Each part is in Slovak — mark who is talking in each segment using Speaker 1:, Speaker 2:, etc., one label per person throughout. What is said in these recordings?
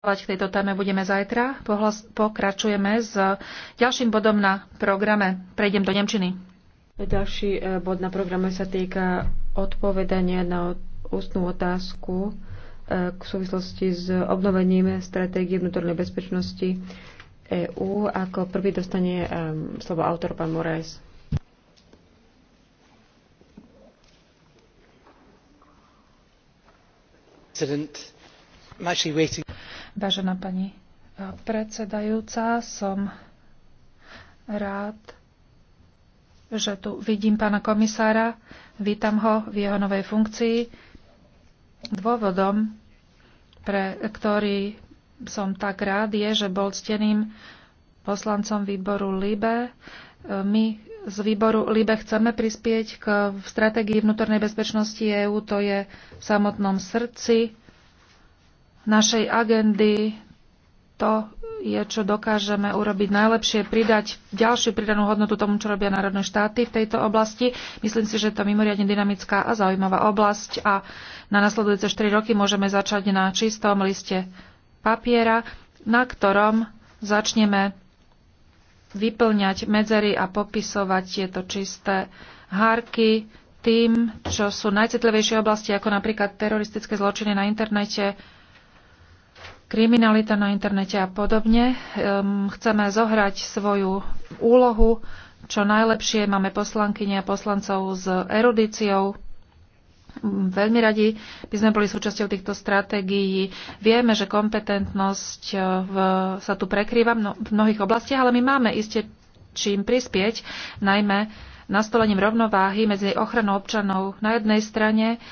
Speaker 1: hlasovať k tejto téme budeme zajtra. Pohlas- pokračujeme s ďalším bodom na programe. Prejdem do Nemčiny.
Speaker 2: Ďalší e, bod na programe sa týka odpovedania na ústnú otázku e, k súvislosti s obnovením stratégie vnútornej bezpečnosti EÚ. Ako prvý dostane e, slovo autor pán Moraes. President, I'm actually waiting.
Speaker 1: Vážená pani e, predsedajúca, som rád, že tu vidím pána komisára. Vítam ho v jeho novej funkcii. Dôvodom, pre ktorý som tak rád, je, že bol steným poslancom výboru LIBE. E, my z výboru LIBE chceme prispieť k stratégii vnútornej bezpečnosti EÚ, to je v samotnom srdci našej agendy to je, čo dokážeme urobiť najlepšie, pridať ďalšiu pridanú hodnotu tomu, čo robia národné štáty v tejto oblasti. Myslím si, že to je mimoriadne dynamická a zaujímavá oblasť a na nasledujúce 4 roky môžeme začať na čistom liste papiera, na ktorom začneme vyplňať medzery a popisovať tieto čisté hárky tým, čo sú najcitlivejšie oblasti, ako napríklad teroristické zločiny na internete, kriminalita na internete a podobne. Chceme zohrať svoju úlohu čo najlepšie. Máme poslankyne a poslancov s erudíciou. Veľmi radi by sme boli súčasťou týchto stratégií. Vieme, že kompetentnosť e, v, sa tu prekrýva v mnohých oblastiach, ale my máme iste čím prispieť, najmä nastolením rovnováhy medzi ochranou občanov na jednej strane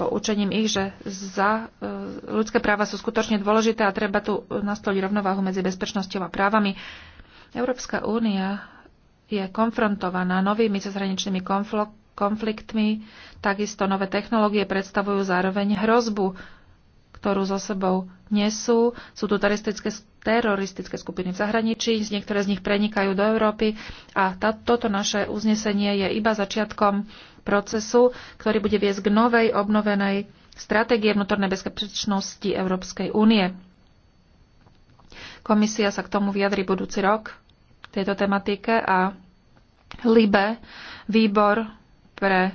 Speaker 1: poučením ich, že za e, ľudské práva sú skutočne dôležité a treba tu nastoliť rovnováhu medzi bezpečnosťou a právami. Európska únia je konfrontovaná novými cezhraničnými konfliktmi, takisto nové technológie predstavujú zároveň hrozbu ktorú za sebou nesú. Sú tu teroristické, teroristické skupiny v zahraničí, niektoré z nich prenikajú do Európy a tá, toto naše uznesenie je iba začiatkom procesu, ktorý bude viesť k novej obnovenej stratégie vnútornej bezpečnosti Európskej únie. Komisia sa k tomu vyjadri budúci rok v tejto tematike a LIBE, výbor pre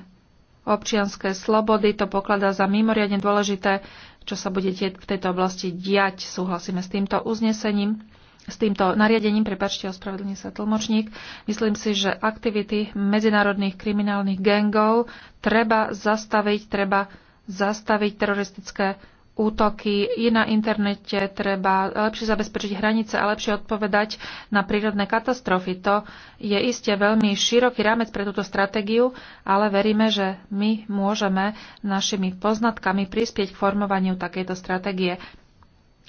Speaker 1: občianské slobody, to pokladá za mimoriadne dôležité čo sa bude v tejto oblasti diať. Súhlasíme s týmto uznesením, s týmto nariadením, prepačte, ospravedlní sa tlmočník. Myslím si, že aktivity medzinárodných kriminálnych gangov treba zastaviť, treba zastaviť teroristické útoky. Je na internete, treba lepšie zabezpečiť hranice a lepšie odpovedať na prírodné katastrofy. To je iste veľmi široký rámec pre túto stratégiu, ale veríme, že my môžeme našimi poznatkami prispieť k formovaniu takejto stratégie.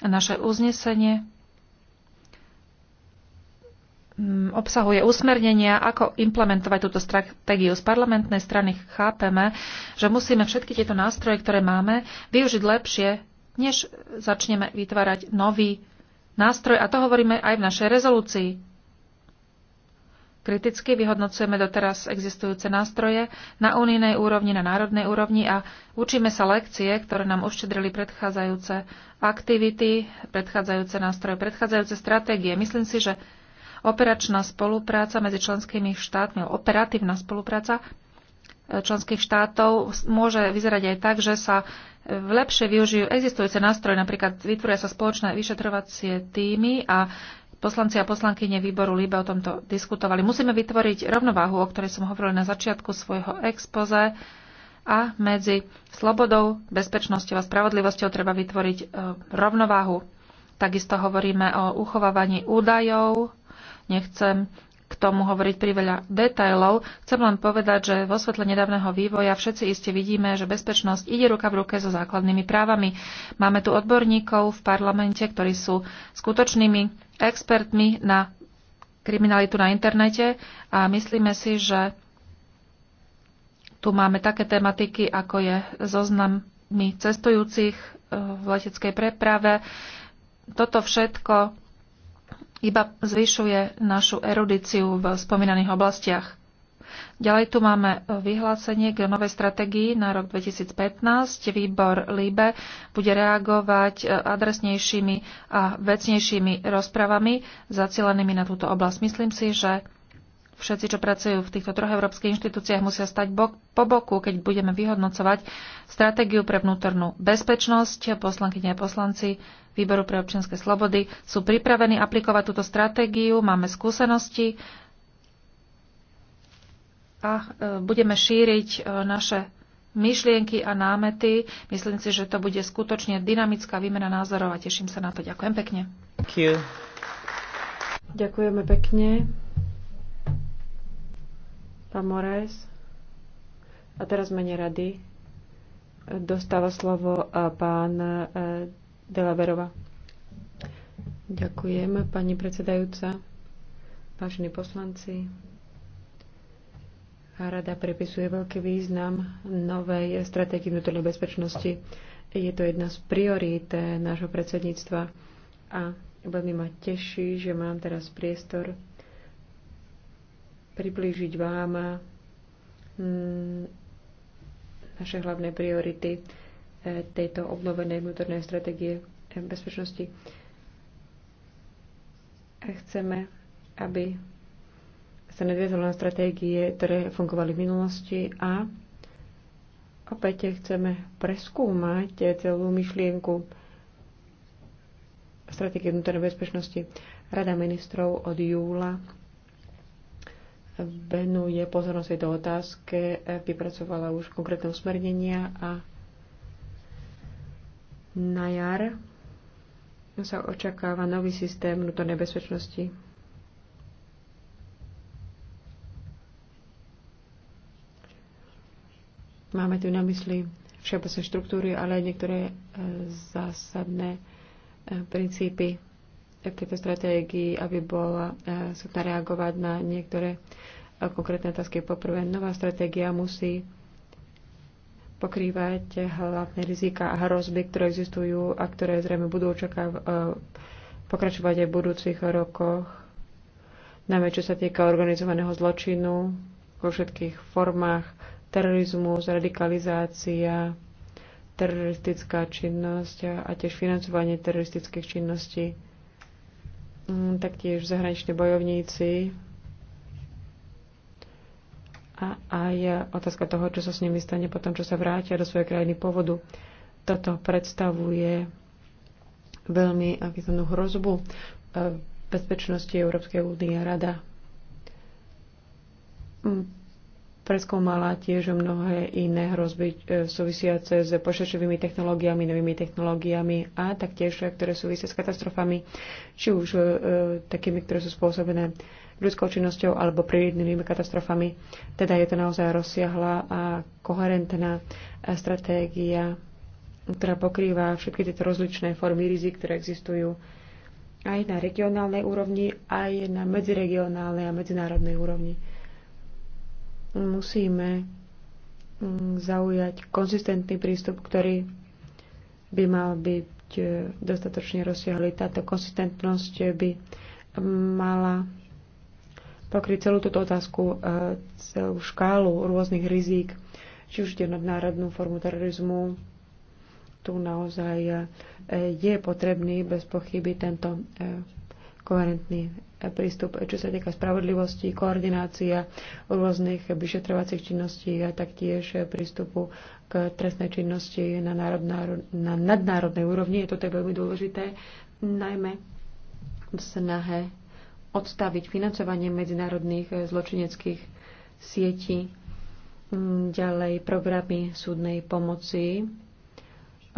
Speaker 1: Naše uznesenie obsahuje usmernenia, ako implementovať túto stratégiu. Z parlamentnej strany chápeme, že musíme všetky tieto nástroje, ktoré máme, využiť lepšie, než začneme vytvárať nový nástroj. A to hovoríme aj v našej rezolúcii. Kriticky vyhodnocujeme doteraz existujúce nástroje na unijnej úrovni, na národnej úrovni a učíme sa lekcie, ktoré nám uštedrili predchádzajúce aktivity, predchádzajúce nástroje, predchádzajúce stratégie. Myslím si, že operačná spolupráca medzi členskými štátmi, operatívna spolupráca e, členských štátov môže vyzerať aj tak, že sa e, lepšie využijú existujúce nástroje, napríklad vytvoria sa spoločné vyšetrovacie týmy a poslanci a poslankyne výboru Líbe o tomto diskutovali. Musíme vytvoriť rovnováhu, o ktorej som hovorila na začiatku svojho expoze a medzi slobodou, bezpečnosťou a spravodlivosťou treba vytvoriť e, rovnováhu. Takisto hovoríme o uchovávaní údajov, Nechcem k tomu hovoriť priveľa detajlov. Chcem len povedať, že vo svetle nedávneho vývoja všetci iste vidíme, že bezpečnosť ide ruka v ruke so základnými právami. Máme tu odborníkov v parlamente, ktorí sú skutočnými expertmi na kriminalitu na internete a myslíme si, že tu máme také tematiky, ako je zoznam cestujúcich eh, v leteckej preprave. Toto všetko iba zvyšuje našu erudíciu v spomínaných oblastiach. Ďalej tu máme vyhlásenie k novej strategii na rok 2015. Výbor LIBE bude reagovať adresnejšími a vecnejšími rozpravami zacielenými na túto oblasť. Myslím si, že všetci, čo pracujú v týchto troch európskych inštitúciách, musia stať bok, po boku, keď budeme vyhodnocovať stratégiu pre vnútornú bezpečnosť. Poslankyne a poslanci Výboru pre občianske slobody sú pripravení aplikovať túto stratégiu, máme skúsenosti a e, budeme šíriť e, naše myšlienky a námety. Myslím si, že to bude skutočne dynamická výmena názorov a teším sa na to. Ďakujem pekne.
Speaker 2: Ďakujeme pekne. Pán Moraes. A teraz mene rady dostáva slovo e, pán e, Delaverova. Ďakujem, pani predsedajúca, vážení poslanci. Rada prepisuje veľký význam novej stratégie vnútornej bezpečnosti. Je to jedna z priorít e, nášho predsedníctva a veľmi ma teší, že mám teraz priestor priblížiť vám mm, naše hlavné priority e, tejto obnovenej vnútornej stratégie e, bezpečnosti. Chceme, aby sa nadviazalo na stratégie, ktoré fungovali v minulosti a opäť chceme preskúmať celú myšlienku stratégie vnútornej bezpečnosti. Rada ministrov od júla venuje pozornosť tejto otázke, vypracovala už konkrétne usmernenia a na jar sa očakáva nový systém vnútornej bezpečnosti. Máme tu na mysli všeobecné štruktúry, ale aj niektoré e, zásadné e, princípy v tejto stratégii, aby bola e, schopná reagovať na niektoré e, konkrétne otázky. Poprvé, nová stratégia musí pokrývať hlavné rizika a hrozby, ktoré existujú a ktoré zrejme budú očakáv- e, pokračovať aj v budúcich rokoch, najmä čo sa týka organizovaného zločinu vo všetkých formách, terorizmus, radikalizácia, teroristická činnosť a tiež financovanie teroristických činností. Mm, taktiež zahraniční bojovníci a aj otázka toho, čo sa s nimi stane potom, čo sa vrátia do svojej krajiny povodu, Toto predstavuje veľmi významnú hrozbu eh, bezpečnosti Európskej únie a rada mm, preskúmala tiež mnohé iné hrozby e, súvisiace s pošačovými technológiami, novými technológiami a taktiež, e, ktoré súvisia s katastrofami, či už e, takými, ktoré sú spôsobené ľudskou činnosťou alebo prírodnými katastrofami. Teda je to naozaj rozsiahla a koherentná e, stratégia, ktorá pokrýva všetky tieto rozličné formy rizik, ktoré existujú aj na regionálnej úrovni, aj na medziregionálnej a medzinárodnej úrovni musíme mm, zaujať konzistentný prístup, ktorý by mal byť e, dostatočne rozsiahly. Táto konzistentnosť by mala pokryť celú túto otázku, e, celú škálu rôznych rizík, či už nadnárodnú formu terorizmu. Tu naozaj e, je potrebný bez pochyby tento koherentný eh, prístup, eh, čo sa týka spravodlivosti, koordinácia rôznych vyšetrovacích činností a taktiež eh, prístupu k trestnej činnosti na, národná, na nadnárodnej úrovni. Je to tak veľmi dôležité, najmä v snahe odstaviť financovanie medzinárodných zločineckých sietí, mm, ďalej programy súdnej pomoci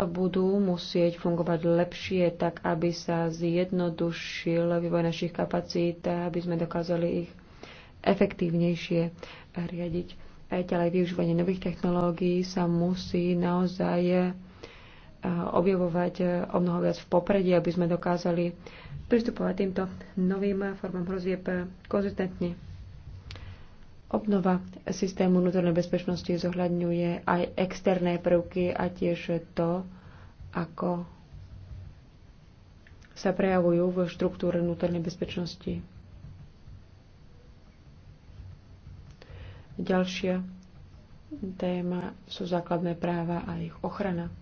Speaker 2: budú musieť fungovať lepšie, tak aby sa zjednodušil vývoj našich kapacít a aby sme dokázali ich efektívnejšie riadiť. A ďalej využívanie nových technológií sa musí naozaj eh, objavovať eh, o mnoho viac v popredí, aby sme dokázali pristupovať týmto novým formám hrozieb eh, konzistentne. Obnova systému vnútornej bezpečnosti zohľadňuje aj externé prvky a tiež to, ako sa prejavujú v štruktúre vnútornej bezpečnosti. Ďalšia téma sú základné práva a ich ochrana.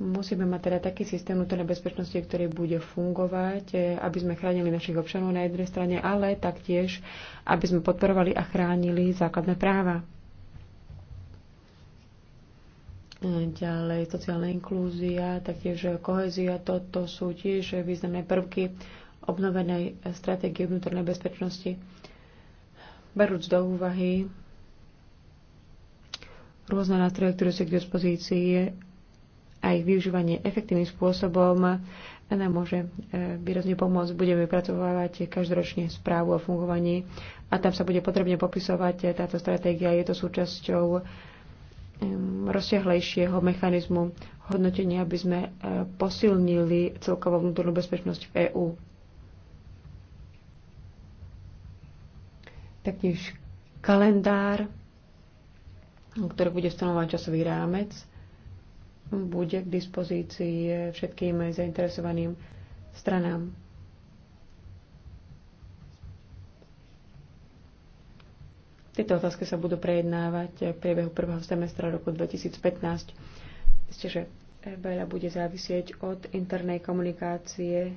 Speaker 2: Musíme mať teda taký systém vnútornej bezpečnosti, ktorý bude fungovať, e, aby sme chránili našich občanov na jednej strane, ale taktiež, aby sme podporovali a chránili základné práva. E, ďalej sociálna inklúzia, taktiež kohezia, toto sú tiež významné prvky obnovenej stratégie vnútornej bezpečnosti. Berúc do úvahy rôzne nástroje, ktoré sú k dispozícii, a ich využívanie efektívnym spôsobom nám môže e, výrazne pomôcť. Budeme pracovávať každoročne správu o fungovaní a tam sa bude potrebne popisovať táto stratégia. Je to súčasťou e, rozsiahlejšieho mechanizmu hodnotenia, aby sme e, posilnili celkovú vnútornú bezpečnosť v EÚ. Taktiež kalendár, ktorý bude stanovať časový rámec bude k dispozícii všetkým zainteresovaným stranám. Tieto otázky sa budú prejednávať v priebehu prvého semestra roku 2015. Ste, že veľa bude závisieť od internej komunikácie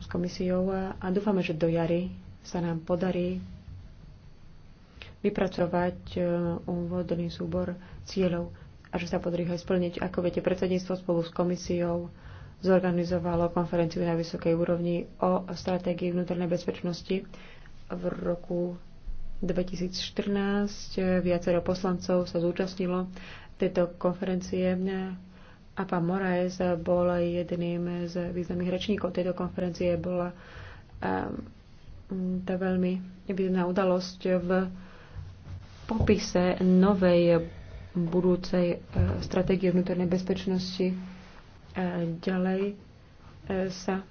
Speaker 2: s komisiou a dúfame, že do jary sa nám podarí vypracovať e, úvodný súbor cieľov a že sa podarí ho splniť. Ako viete, predsedníctvo spolu s komisiou zorganizovalo konferenciu na vysokej úrovni o stratégii vnútornej bezpečnosti v roku 2014. Viacero poslancov sa zúčastnilo tejto konferencie. A pán Moraes bol jedným z významných rečníkov tejto konferencie. Bola ehm, tá veľmi významná udalosť v popise novej budúcej e, stratégie vnútornej bezpečnosti e, ďalej e, sa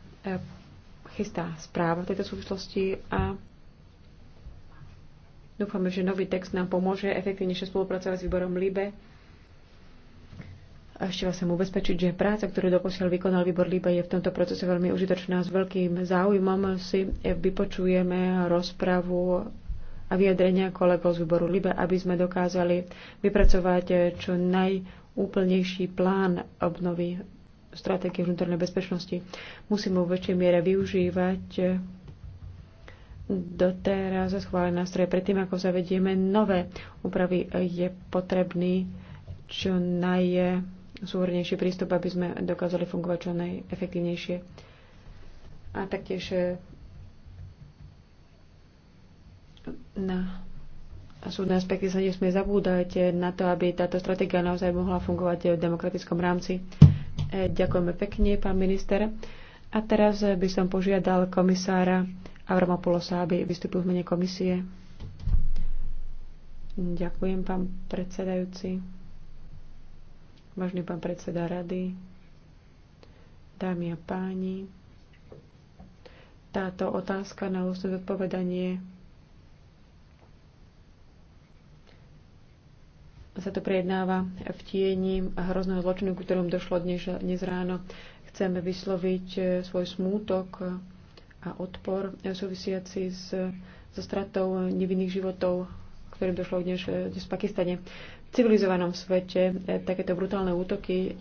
Speaker 2: chystá správa v tejto súvislosti a dúfame, že nový text nám pomôže efektívnejšie spolupracovať s výborom LIBE. A ešte vás chcem ubezpečiť, že práca, ktorú doposiaľ vykonal výbor LIBE, je v tomto procese veľmi užitočná. S veľkým záujmom si vypočujeme rozpravu a vyjadrenia kolegov z výboru LIBE, aby sme dokázali vypracovať eh, čo najúplnejší plán obnovy stratégie vnútornej bezpečnosti. Musíme vo väčšej miere využívať eh, doteraz schválené nástroje. Predtým, ako zavedieme nové úpravy, je potrebný čo najsúhrnejší prístup, aby sme dokázali fungovať čo najefektívnejšie. A taktiež eh, na súdne aspekty sa nesmie zabúdať na to, aby táto stratégia naozaj mohla fungovať v demokratickom rámci. E, ďakujeme pekne, pán minister. A teraz by som požiadal komisára Avramopulosa, aby vystúpil v mene komisie. Ďakujem, pán predsedajúci. Vážny pán predseda rady, dámy a páni, táto otázka na ústne zodpovedanie sa to prejednáva v tieni hrozného zločinu, ku ktorom došlo dnes, dnes ráno. Chceme vysloviť e, svoj smútok a odpor súvisiaci s, so stratou nevinných životov, ktorým došlo dnes, e, dnes v Pakistane. V civilizovanom svete e, takéto brutálne útoky,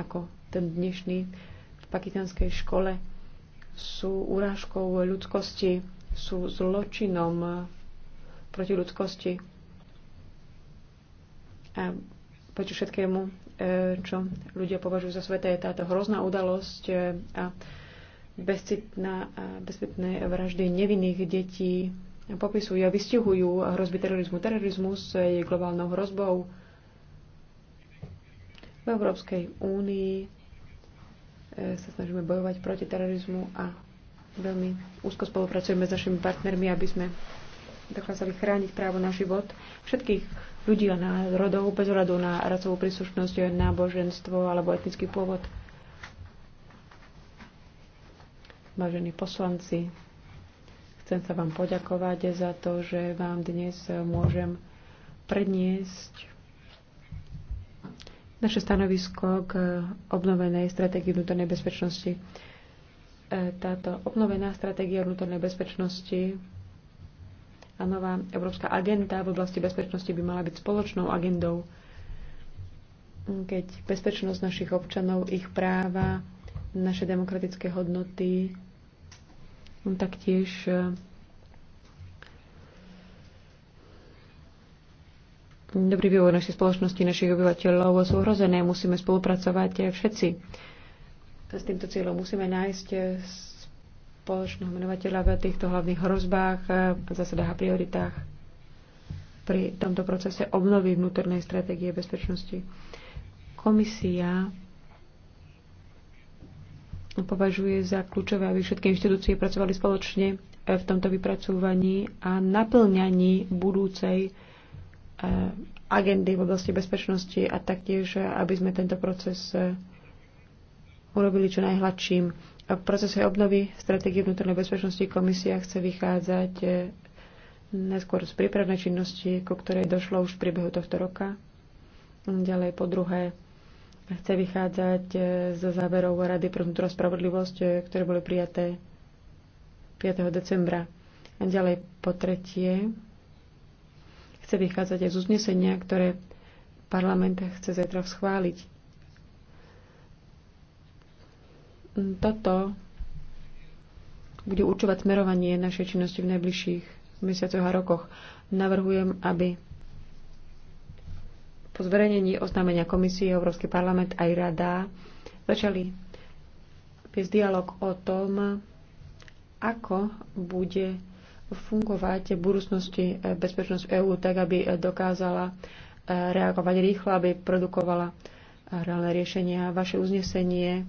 Speaker 2: ako ten dnešný v pakistanskej škole, sú urážkou ľudskosti, sú zločinom proti ľudskosti a poči všetkému, e, čo ľudia považujú za sveté, je táto hrozná udalosť e, a bezcitná, bezcitné vraždy nevinných detí popisujú a vystihujú hrozby terorizmu. Terorizmus je globálnou hrozbou v Európskej únii e, sa snažíme bojovať proti terorizmu a veľmi úzko spolupracujeme s našimi partnermi, aby sme dokázali chrániť právo na život všetkých ľudí a národov bez hľadu na rasovú príslušnosť, náboženstvo alebo etnický pôvod. Vážení poslanci, chcem sa vám poďakovať za to, že vám dnes môžem predniesť naše stanovisko k obnovenej stratégii vnútornej bezpečnosti. E, táto obnovená stratégia vnútornej bezpečnosti a nová európska agenda v oblasti bezpečnosti by mala byť spoločnou agendou, keď bezpečnosť našich občanov, ich práva, naše demokratické hodnoty, no taktiež eh, dobrý vývoj našej spoločnosti, našich obyvateľov sú ohrozené. Musíme spolupracovať eh, všetci. S týmto cieľom musíme nájsť eh, spoločného menovateľa v týchto hlavných hrozbách, eh, zásadách a prioritách pri tomto procese obnovy vnútornej stratégie bezpečnosti. Komisia považuje za kľúčové, aby všetky inštitúcie pracovali spoločne eh, v tomto vypracúvaní a naplňaní budúcej eh, agendy v oblasti bezpečnosti a taktiež, aby sme tento proces urobili čo najhladším. V procese obnovy stratégie vnútornej bezpečnosti komisia chce vychádzať e, neskôr z prípravnej činnosti, ku ktorej došlo už v priebehu tohto roka. Ďalej po druhé chce vychádzať e, zo záverov Rady pre vnútornú spravodlivosť, e, ktoré boli prijaté 5. decembra. A ďalej po tretie chce vychádzať aj z uznesenia, ktoré parlament chce zajtra schváliť. toto bude určovať smerovanie našej činnosti v najbližších mesiacoch a rokoch. Navrhujem, aby po zverejnení oznámenia komisie Európsky parlament aj rada začali viesť dialog o tom, ako bude fungovať v budúcnosti eh, bezpečnosť EÚ tak, aby eh, dokázala eh, reagovať rýchlo, aby produkovala reálne riešenia. Vaše uznesenie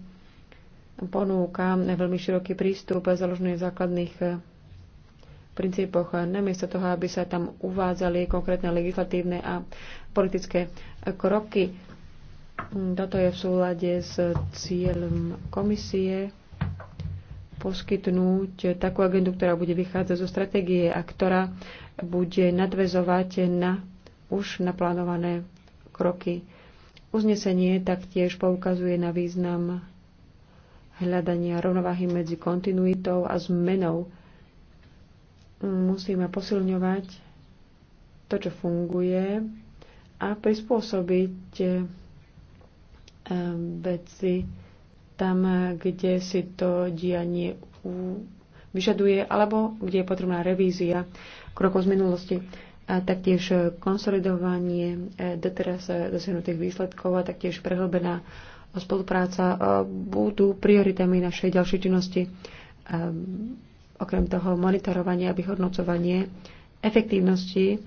Speaker 2: ponúka veľmi široký prístup založený v základných eh, princípoch. Namiesto toho, aby sa tam uvádzali konkrétne legislatívne a politické eh, kroky, hm, toto je v súlade s cieľom komisie poskytnúť takú agendu, ktorá bude vychádzať zo stratégie a ktorá bude nadvezovať na už naplánované kroky. Uznesenie taktiež poukazuje na význam hľadania rovnováhy medzi kontinuitou a zmenou. Musíme posilňovať to, čo funguje a prispôsobiť eh, veci tam, kde si to dianie vyžaduje alebo kde je potrebná revízia krokov z minulosti a taktiež konsolidovanie eh, doteraz eh, dosiahnutých výsledkov a taktiež prehlbená a spolupráca e, budú prioritami našej ďalšej činnosti. E, okrem toho monitorovanie a vyhodnocovanie efektívnosti e,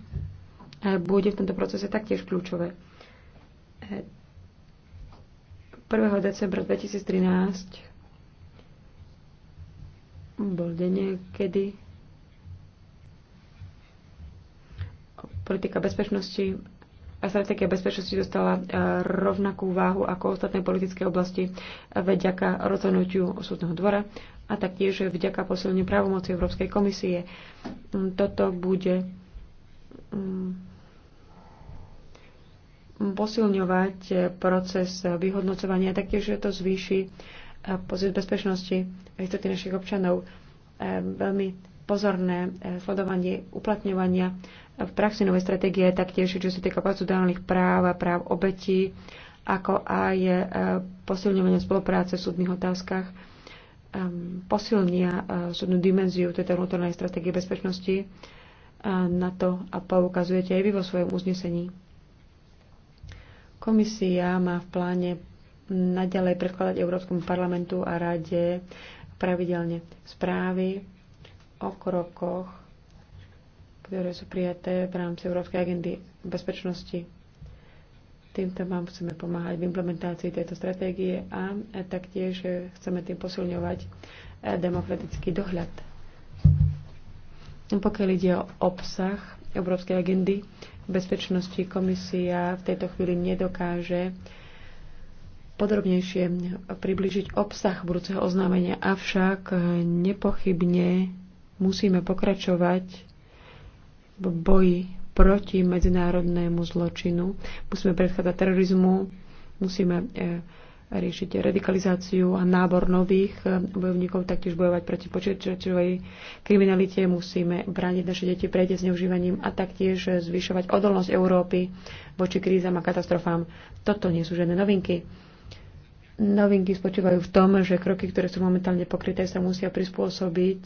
Speaker 2: bude v tomto procese taktiež kľúčové. 1. decembra 2013 bol deň, kedy politika bezpečnosti a stratégia bezpečnosti dostala e, rovnakú váhu ako ostatné politické oblasti vďaka rozhodnutiu súdneho dvora a taktiež vďaka posilneniu právomoci Európskej komisie. Mm, toto bude mm, posilňovať proces vyhodnocovania, taktiež to zvýši e, pozit bezpečnosti a istoty našich občanov. E, veľmi pozorné sledovanie uplatňovania v praxi nové stratégie, taktiež čo sa týka procedurálnych práv a práv obetí, ako aj e, posilňovanie spolupráce v súdnych otázkach, e, posilnia e, súdnu dimenziu tejto vnútornej stratégie bezpečnosti. Na to a poukazujete aj vy vo svojom uznesení. Komisia má v pláne naďalej predkladať Európskemu parlamentu a rade pravidelne správy o krokoch ktoré sú prijaté v rámci Európskej agendy bezpečnosti. Týmto vám chceme pomáhať v implementácii tejto stratégie a taktiež chceme tým posilňovať demokratický dohľad. Pokiaľ ide o obsah Európskej agendy bezpečnosti, komisia v tejto chvíli nedokáže podrobnejšie približiť obsah budúceho oznámenia, avšak nepochybne musíme pokračovať v boji proti medzinárodnému zločinu. Musíme predchádzať terorizmu, musíme e, riešiť radikalizáciu a nábor nových e, bojovníkov, taktiež bojovať proti počítačovej kriminalite, musíme brániť naše deti prejde zneužívaním a taktiež zvyšovať odolnosť Európy voči krízam a katastrofám. Toto nie sú žiadne novinky. Novinky spočívajú v tom, že kroky, ktoré sú momentálne pokryté, sa musia prispôsobiť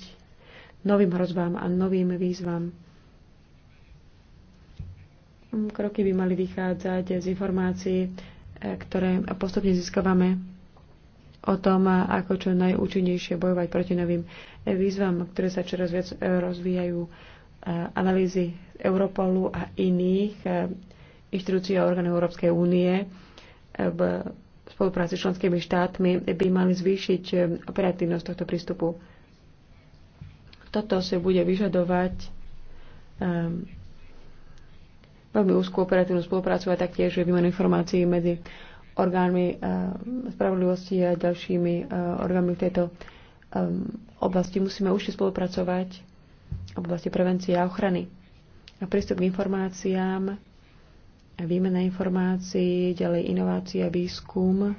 Speaker 2: novým hrozbám a novým výzvam. Kroky by mali vychádzať z informácií, e, ktoré postupne získavame o tom, ako čo najúčinnejšie bojovať proti novým e, výzvam, ktoré sa čoraz viac e, rozvíjajú analýzy Europolu a iných inštitúcií a orgánov Európskej únie v spolupráci s členskými štátmi by mali zvýšiť operatívnosť tohto prístupu. Toto si bude vyžadovať veľmi úzkú operatívnu spoluprácu a taktiež výmenu informácií medzi orgánmi eh, spravodlivosti a ďalšími eh, orgánmi v tejto eh, oblasti. Musíme už spolupracovať v oblasti prevencie a ochrany. A prístup k informáciám, výmena informácií, ďalej inovácia, výskum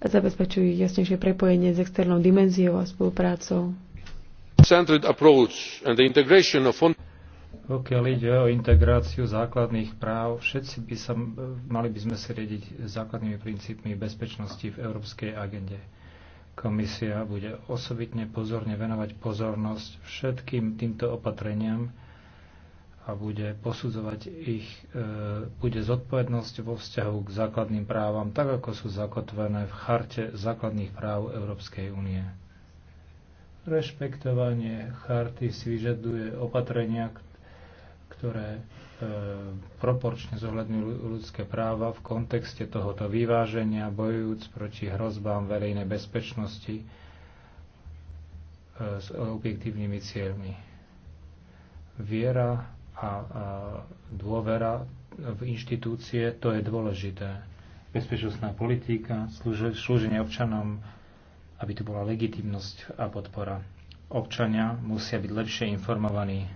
Speaker 2: zabezpečujú jasnejšie prepojenie s externou dimenziou a spoluprácou.
Speaker 3: Pokiaľ ide o integráciu základných práv, všetci by sa, mali by sme si riediť základnými princípmi bezpečnosti v európskej agende. Komisia bude osobitne pozorne venovať pozornosť všetkým týmto opatreniam a bude posudzovať ich, e, bude zodpovednosť vo vzťahu k základným právam, tak ako sú zakotvené v charte základných práv Európskej únie. Rešpektovanie charty si vyžaduje opatrenia, ktoré e, proporčne zohľadňujú ľudské práva v kontexte tohoto vyváženia, bojujúc proti hrozbám verejnej bezpečnosti e, s objektívnymi cieľmi. Viera a, dôvera v inštitúcie, to je dôležité. Bezpečnostná politika, slúženie občanom, aby tu bola legitimnosť a podpora. Občania musia byť lepšie informovaní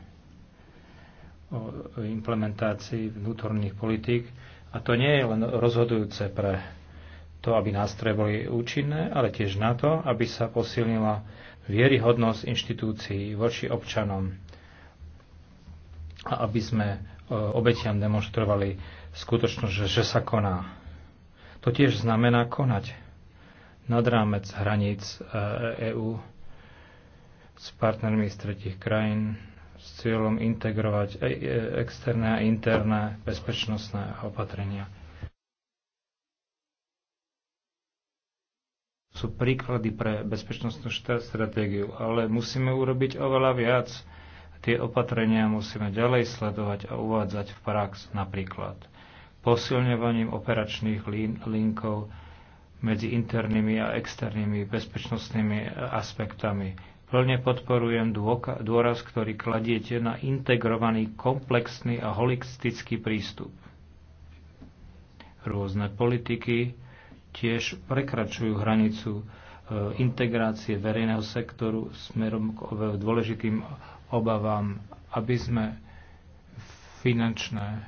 Speaker 3: o implementácii vnútorných politík. A to nie je len rozhodujúce pre to, aby nástroje boli účinné, ale tiež na to, aby sa posilnila vieryhodnosť inštitúcií voči občanom a aby sme e, obetiam demonstrovali skutočnosť, že, že sa koná. To tiež znamená konať nad rámec hraníc EÚ e s partnermi z tretich krajín, s cieľom integrovať e, e, externé a interné bezpečnostné opatrenia. Sú príklady pre bezpečnostnú stratégiu, ale musíme urobiť oveľa viac. Tie opatrenia musíme ďalej sledovať a uvádzať v prax napríklad posilňovaním operačných linkov medzi internými a externými bezpečnostnými aspektami Plne podporujem dôraz, ktorý kladiete na integrovaný, komplexný a holistický prístup. Rôzne politiky tiež prekračujú hranicu e, integrácie verejného sektoru smerom k dôležitým obavám, aby sme finančné e,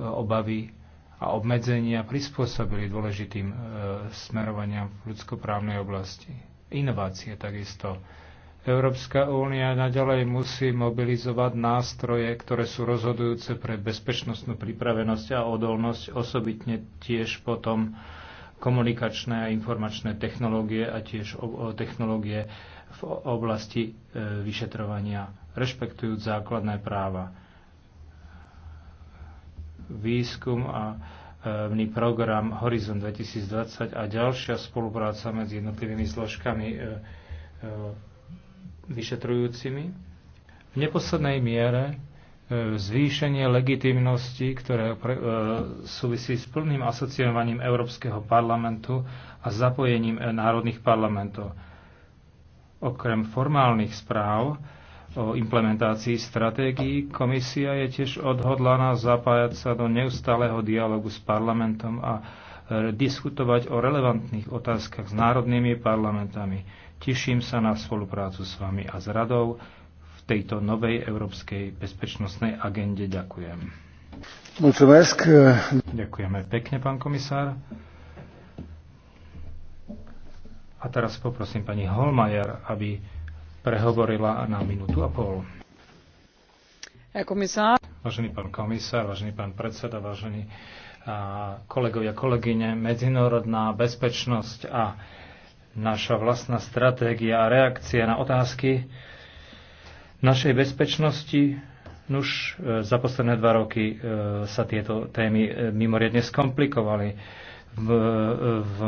Speaker 3: obavy a obmedzenia prispôsobili dôležitým e, smerovaniam v ľudskoprávnej oblasti inovácie takisto. Európska únia naďalej musí mobilizovať nástroje, ktoré sú rozhodujúce pre bezpečnostnú pripravenosť a odolnosť, osobitne tiež potom komunikačné a informačné technológie a tiež technológie v oblasti e, vyšetrovania, rešpektujúc základné práva. Výskum a E, program Horizon 2020 a ďalšia spolupráca medzi jednotlivými zložkami e, e, vyšetrujúcimi. V neposlednej miere zvýšenie legitimnosti, ktoré súvisí s plným asociovaním Európskeho parlamentu a zapojením národných parlamentov. Okrem formálnych správ, o implementácii stratégií. Komisia je tiež odhodlaná zapájať sa do neustáleho dialogu s parlamentom a e, diskutovať o relevantných otázkach s národnými parlamentami. Teším sa na spoluprácu s vami a s radou v tejto novej európskej bezpečnostnej agende. Ďakujem. Mulțumesc. Ďakujeme pekne, pán komisár. A teraz poprosím pani Holmajer, aby prehovorila na minútu a pol. Komisár. Vážený pán komisár, vážený pán predseda, vážení kolegovia, kolegyne, medzinárodná bezpečnosť a naša vlastná stratégia a reakcia na otázky našej bezpečnosti Nuž e, za posledné dva roky e, sa tieto témy e, mimoriadne skomplikovali v, v,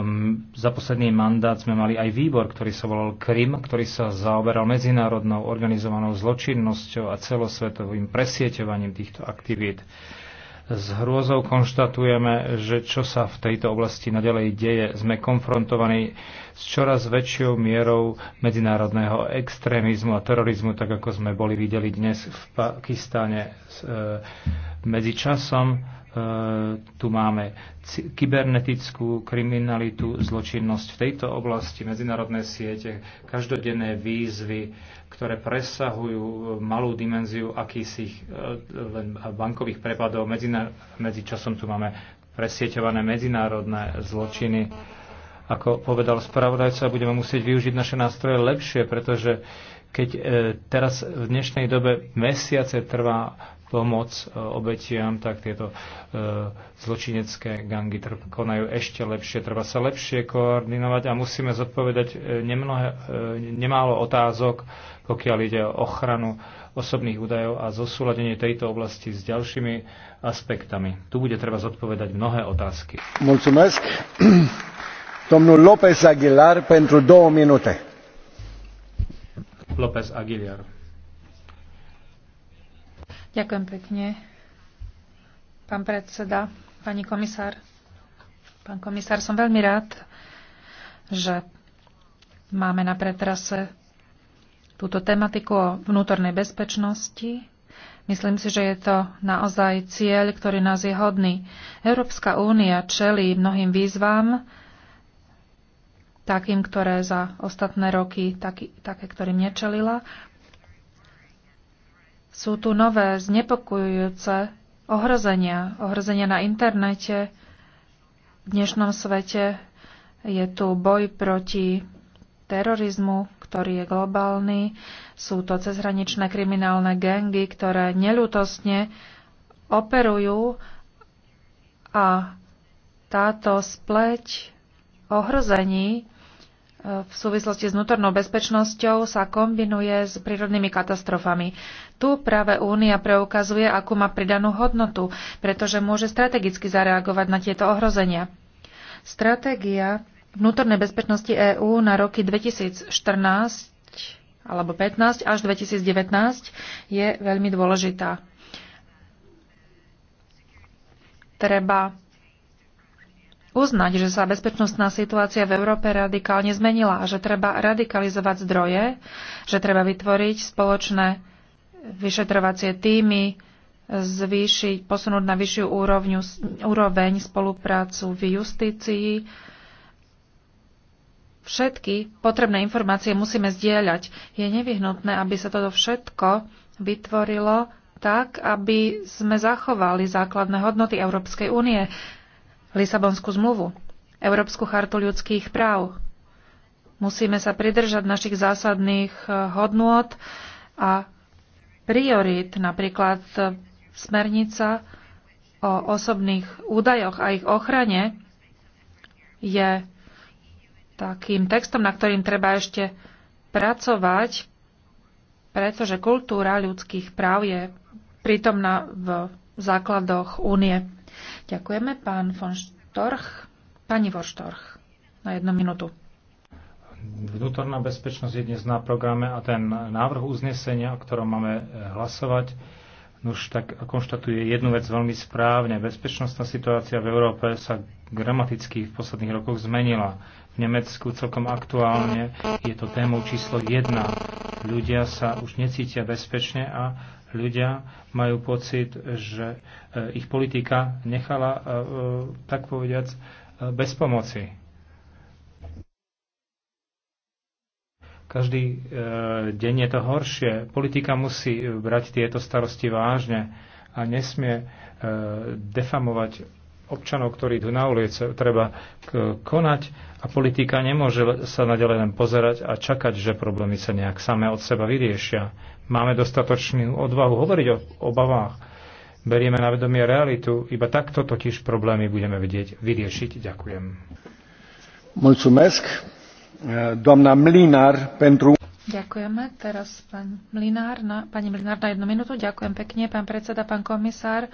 Speaker 3: za posledný mandát sme mali aj výbor, ktorý sa volal Krym, ktorý sa zaoberal medzinárodnou organizovanou zločinnosťou a celosvetovým presieťovaním týchto aktivít. S hrôzou konštatujeme, že čo sa v tejto oblasti nadalej deje, sme konfrontovaní s čoraz väčšou mierou medzinárodného extrémizmu a terorizmu, tak ako sme boli videli dnes v Pakistane. E, Medzi časom Eh, tu máme kybernetickú kriminalitu, zločinnosť v tejto oblasti, medzinárodné siete, každodenné výzvy, ktoré presahujú eh, malú dimenziu akýsich eh, len bankových prepadov. Medzi časom tu máme presieťované medzinárodné zločiny. Ako povedal spravodajca, budeme musieť využiť naše nástroje lepšie, pretože keď teraz v dnešnej dobe mesiace trvá pomoc e, obetiam, tak tieto e, zločinecké gangy konajú ešte lepšie. Treba sa lepšie koordinovať a musíme zodpovedať e, nemnohé, nemálo otázok, pokiaľ ide o ochranu osobných údajov a zosúladenie tejto oblasti s ďalšími aspektami. Tu bude treba zodpovedať mnohé otázky.
Speaker 2: Mulțumesc. Domnul López Aguilar pentru două minute.
Speaker 3: López Aguilar
Speaker 1: Ďakujem pekne. Pán predseda, pani komisár, pán komisár, som veľmi rád, že máme na pretrase túto tematiku o vnútornej bezpečnosti. Myslím si, že je to naozaj cieľ, ktorý nás je hodný. Európska únia čelí mnohým výzvam, takým, ktoré za ostatné roky, taký, také, ktorým nečelila. Sú tu nové znepokojujúce ohrozenia. Ohrozenia na internete, v dnešnom svete. Je tu boj proti terorizmu, ktorý je globálny. Sú to cezhraničné kriminálne gengy, ktoré nelútostne operujú a táto spleť ohrození v súvislosti s vnútornou bezpečnosťou sa kombinuje s prírodnými katastrofami. Tu práve Únia preukazuje, akú má pridanú hodnotu, pretože môže strategicky zareagovať na tieto ohrozenia. Stratégia vnútornej bezpečnosti EÚ na roky 2014 alebo 15 až 2019 je veľmi dôležitá. Treba uznať, že sa bezpečnostná situácia v Európe radikálne zmenila a že treba radikalizovať zdroje, že treba vytvoriť spoločné vyšetrovacie týmy, zvýšiť, posunúť na vyššiu úrovňu, úroveň spoluprácu v justícii. Všetky potrebné informácie musíme zdieľať. Je nevyhnutné, aby sa toto všetko vytvorilo tak, aby sme zachovali základné hodnoty Európskej únie. Lisabonskú zmluvu, Európsku chartu ľudských práv. Musíme sa pridržať našich zásadných e, hodnôt a priorit napríklad e, smernica o osobných údajoch a ich ochrane je takým textom, na ktorým treba ešte pracovať, pretože kultúra ľudských práv je prítomná v základoch únie. Ďakujeme, pán von Storch. Pani Storch, na jednu minútu.
Speaker 3: Vnútorná bezpečnosť je dnes na programe a ten návrh uznesenia, o ktorom máme e, hlasovať, už tak konštatuje jednu vec veľmi správne. Bezpečnostná situácia v Európe sa gramaticky v posledných rokoch zmenila. V Nemecku celkom aktuálne je to témou číslo jedna. Ľudia sa už necítia bezpečne a ľudia majú pocit, že e, ich politika nechala, e, e, tak povediac, bez pomoci. Každý deň je to horšie. Politika musí brať tieto starosti vážne a nesmie defamovať občanov, ktorí idú na ulice, treba konať a politika nemôže sa nadalej len pozerať a čakať, že problémy sa nejak samé od seba vyriešia. Máme dostatočnú odvahu hovoriť o obavách. Berieme na vedomie realitu, iba takto totiž problémy budeme vedieť vyriešiť. Ďakujem.
Speaker 2: Mulțumesc. Doamna Mlinar pentru...
Speaker 1: Ďakujeme. Teraz pán Mlinár na, pani Mlinár na jednu minútu. Ďakujem pekne, pán predseda, pán komisár.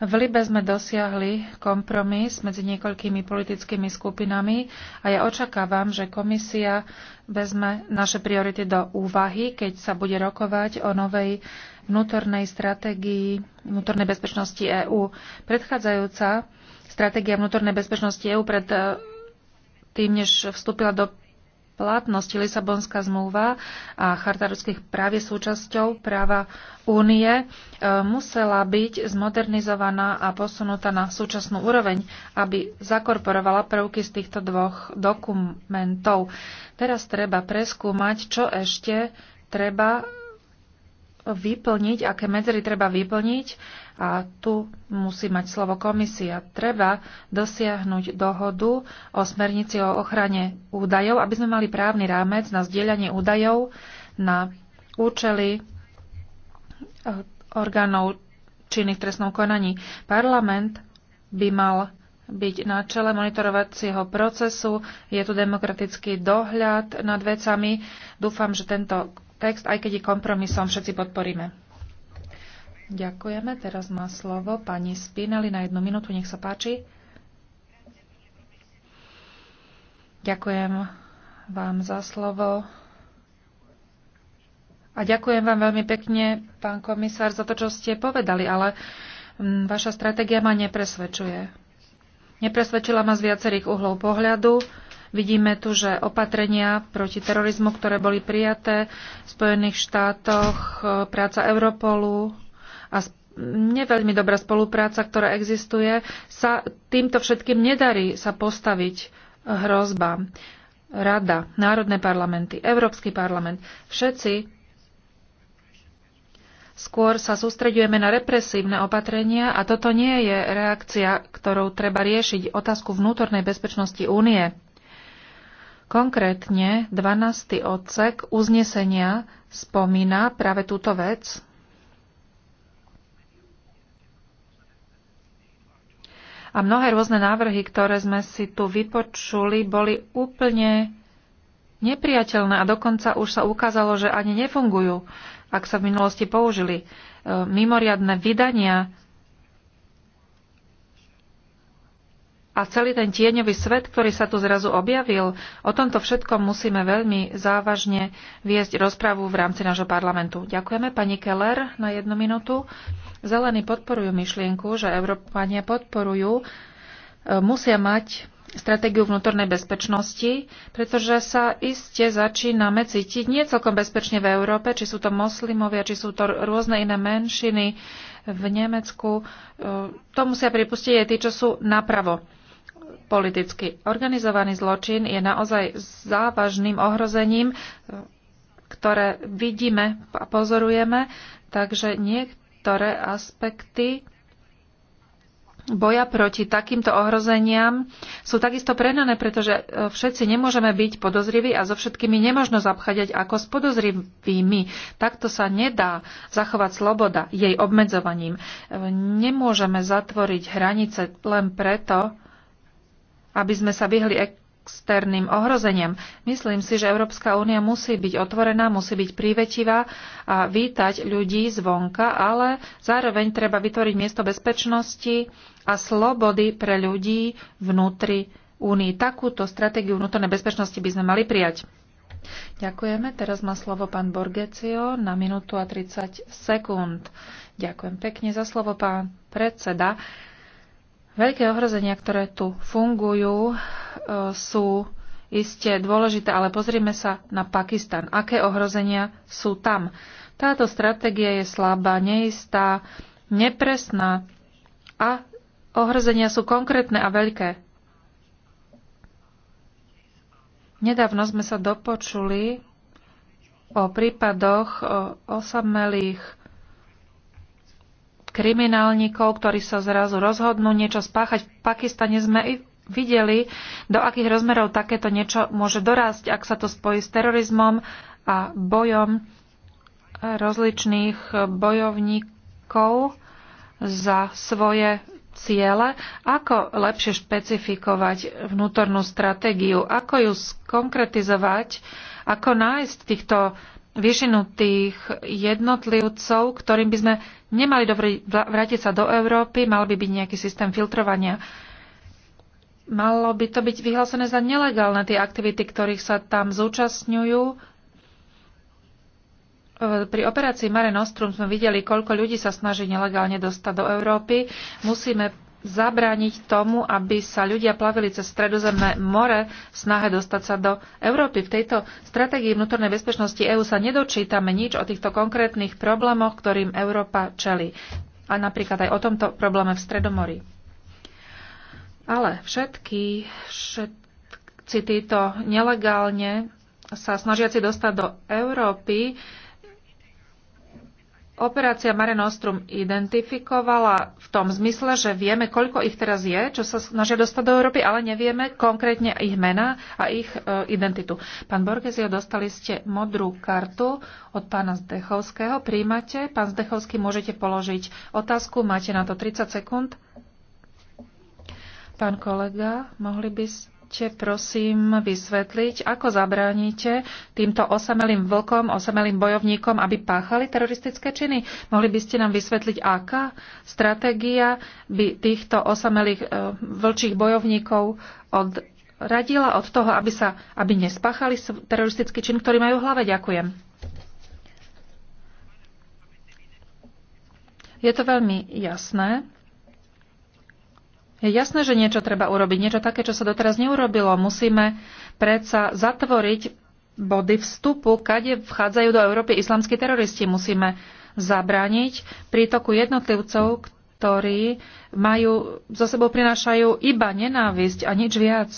Speaker 1: V Libe sme dosiahli kompromis medzi niekoľkými politickými skupinami a ja očakávam, že komisia vezme naše priority do úvahy, keď sa bude rokovať o novej vnútornej stratégii vnútornej bezpečnosti EÚ. Predchádzajúca stratégia vnútornej bezpečnosti EÚ pred eh, tým, než vstúpila do Platnosť Lisabonská zmluva a Charta ľudských práv je súčasťou práva únie, e, musela byť zmodernizovaná a posunutá na súčasnú úroveň, aby zakorporovala prvky z týchto dvoch dokumentov. Teraz treba preskúmať, čo ešte treba vyplniť, aké medzery treba vyplniť a tu musí mať slovo komisia. Treba dosiahnuť dohodu o smernici o ochrane údajov, aby sme mali právny rámec na zdieľanie údajov na účely e, orgánov činných trestnou konaní. Parlament by mal byť na čele monitorovacieho procesu, je tu demokratický dohľad nad vecami. Dúfam, že tento text, aj keď je kompromisom, všetci podporíme. Ďakujeme. Teraz má slovo pani Spinelli na jednu minútu. Nech sa páči. Ďakujem vám za slovo. A ďakujem vám veľmi pekne, pán komisár, za to, čo ste povedali, ale mm, vaša stratégia ma nepresvedčuje. Nepresvedčila ma z viacerých uhlov pohľadu. Vidíme tu, že opatrenia proti terorizmu, ktoré boli prijaté v Spojených štátoch, e, práca Europolu a neveľmi dobrá spolupráca, ktorá existuje, sa týmto všetkým nedarí sa postaviť hrozba. Rada, národné parlamenty, Európsky parlament, všetci Skôr sa sústreďujeme na represívne opatrenia a toto nie je reakcia, ktorou treba riešiť otázku vnútornej bezpečnosti únie. Konkrétne 12. odsek uznesenia spomína práve túto vec. A mnohé rôzne návrhy, ktoré sme si tu vypočuli, boli úplne nepriateľné a dokonca už sa ukázalo, že ani nefungujú, ak sa v minulosti použili. E, mimoriadne vydania a celý ten tieňový svet, ktorý sa tu zrazu objavil, o tomto všetkom musíme veľmi závažne viesť rozpravu v rámci nášho parlamentu. Ďakujeme pani Keller na jednu minútu. Zelení podporujú myšlienku, že Európania podporujú, e, musia mať stratégiu vnútornej bezpečnosti, pretože sa iste začíname cítiť nie celkom bezpečne v Európe, či sú to moslimovia, či sú to rôzne iné menšiny v Nemecku. E, to musia pripustiť aj tí, čo sú napravo politicky. Organizovaný zločin je naozaj závažným ohrozením, ktoré vidíme a pozorujeme, takže niektoré aspekty boja proti takýmto ohrozeniam sú takisto prenané, pretože e, všetci nemôžeme byť podozriví a so všetkými nemožno zapchadiať ako s podozrivými. Takto sa nedá zachovať sloboda jej obmedzovaním. E, nemôžeme zatvoriť hranice len preto, aby sme sa vyhli externým ohrozeniam. Myslím si, že Európska únia musí byť otvorená, musí byť prívetivá a vítať ľudí zvonka, ale zároveň treba vytvoriť miesto bezpečnosti a slobody pre ľudí vnútri únii. Takúto stratégiu vnútornej bezpečnosti by sme mali prijať. Ďakujeme. Teraz má slovo pán Borgecio na minútu a 30 sekúnd. Ďakujem pekne za slovo, pán predseda. Veľké ohrozenia, ktoré tu fungujú, e, sú iste dôležité, ale pozrime sa na Pakistan. Aké ohrozenia sú tam? Táto stratégia je slabá, neistá, nepresná a ohrozenia sú konkrétne a veľké. Nedávno sme sa dopočuli o prípadoch osamelých kriminálnikov, ktorí sa zrazu rozhodnú niečo spáchať. V Pakistane sme i videli, do akých rozmerov takéto niečo môže dorásť, ak sa to spojí s terorizmom a bojom rozličných bojovníkov za svoje ciele, ako lepšie špecifikovať vnútornú stratégiu, ako ju skonkretizovať, ako nájsť týchto vyšinutých jednotlivcov, ktorým by sme nemali dobrý vrátiť sa do Európy, mal by byť nejaký systém filtrovania. Malo by to byť vyhlásené za nelegálne tie aktivity, ktorých sa tam zúčastňujú. E, pri operácii Mare Nostrum sme videli, koľko ľudí sa snaží nelegálne dostať do Európy. Musíme zabrániť tomu, aby sa ľudia plavili cez stredozemné more v snahe dostať sa do Európy. V tejto stratégii vnútornej bezpečnosti EÚ sa nedočítame nič o týchto konkrétnych problémoch, ktorým Európa čeli. A napríklad aj o tomto probléme v Stredomori. Ale všetky, všetci títo nelegálne sa snažiaci dostať do Európy Operácia Mare Nostrum identifikovala v tom zmysle, že vieme, koľko ich teraz je, čo sa snažia dostať do Európy, ale nevieme konkrétne ich mena a ich e, identitu. Pán Borgesio, dostali ste modrú kartu od pána Zdechovského. Príjmate. Pán Zdechovský, môžete položiť otázku. Máte na to 30 sekúnd. Pán kolega, mohli by ste Poďte prosím vysvetliť, ako zabránite týmto osamelým vlkom, osamelým bojovníkom, aby páchali teroristické činy? Mohli by ste nám vysvetliť, aká stratégia by týchto osamelých e, vlčích bojovníkov odradila od toho, aby, sa, aby nespáchali teroristický čin, ktorý majú v hlave? Ďakujem. Je to veľmi jasné. Je jasné, že niečo treba urobiť, niečo také, čo sa doteraz neurobilo. Musíme predsa zatvoriť body vstupu, kade vchádzajú do Európy islamskí teroristi. Musíme zabrániť prítoku jednotlivcov, ktorí majú, zo sebou prinášajú iba nenávisť a nič viac.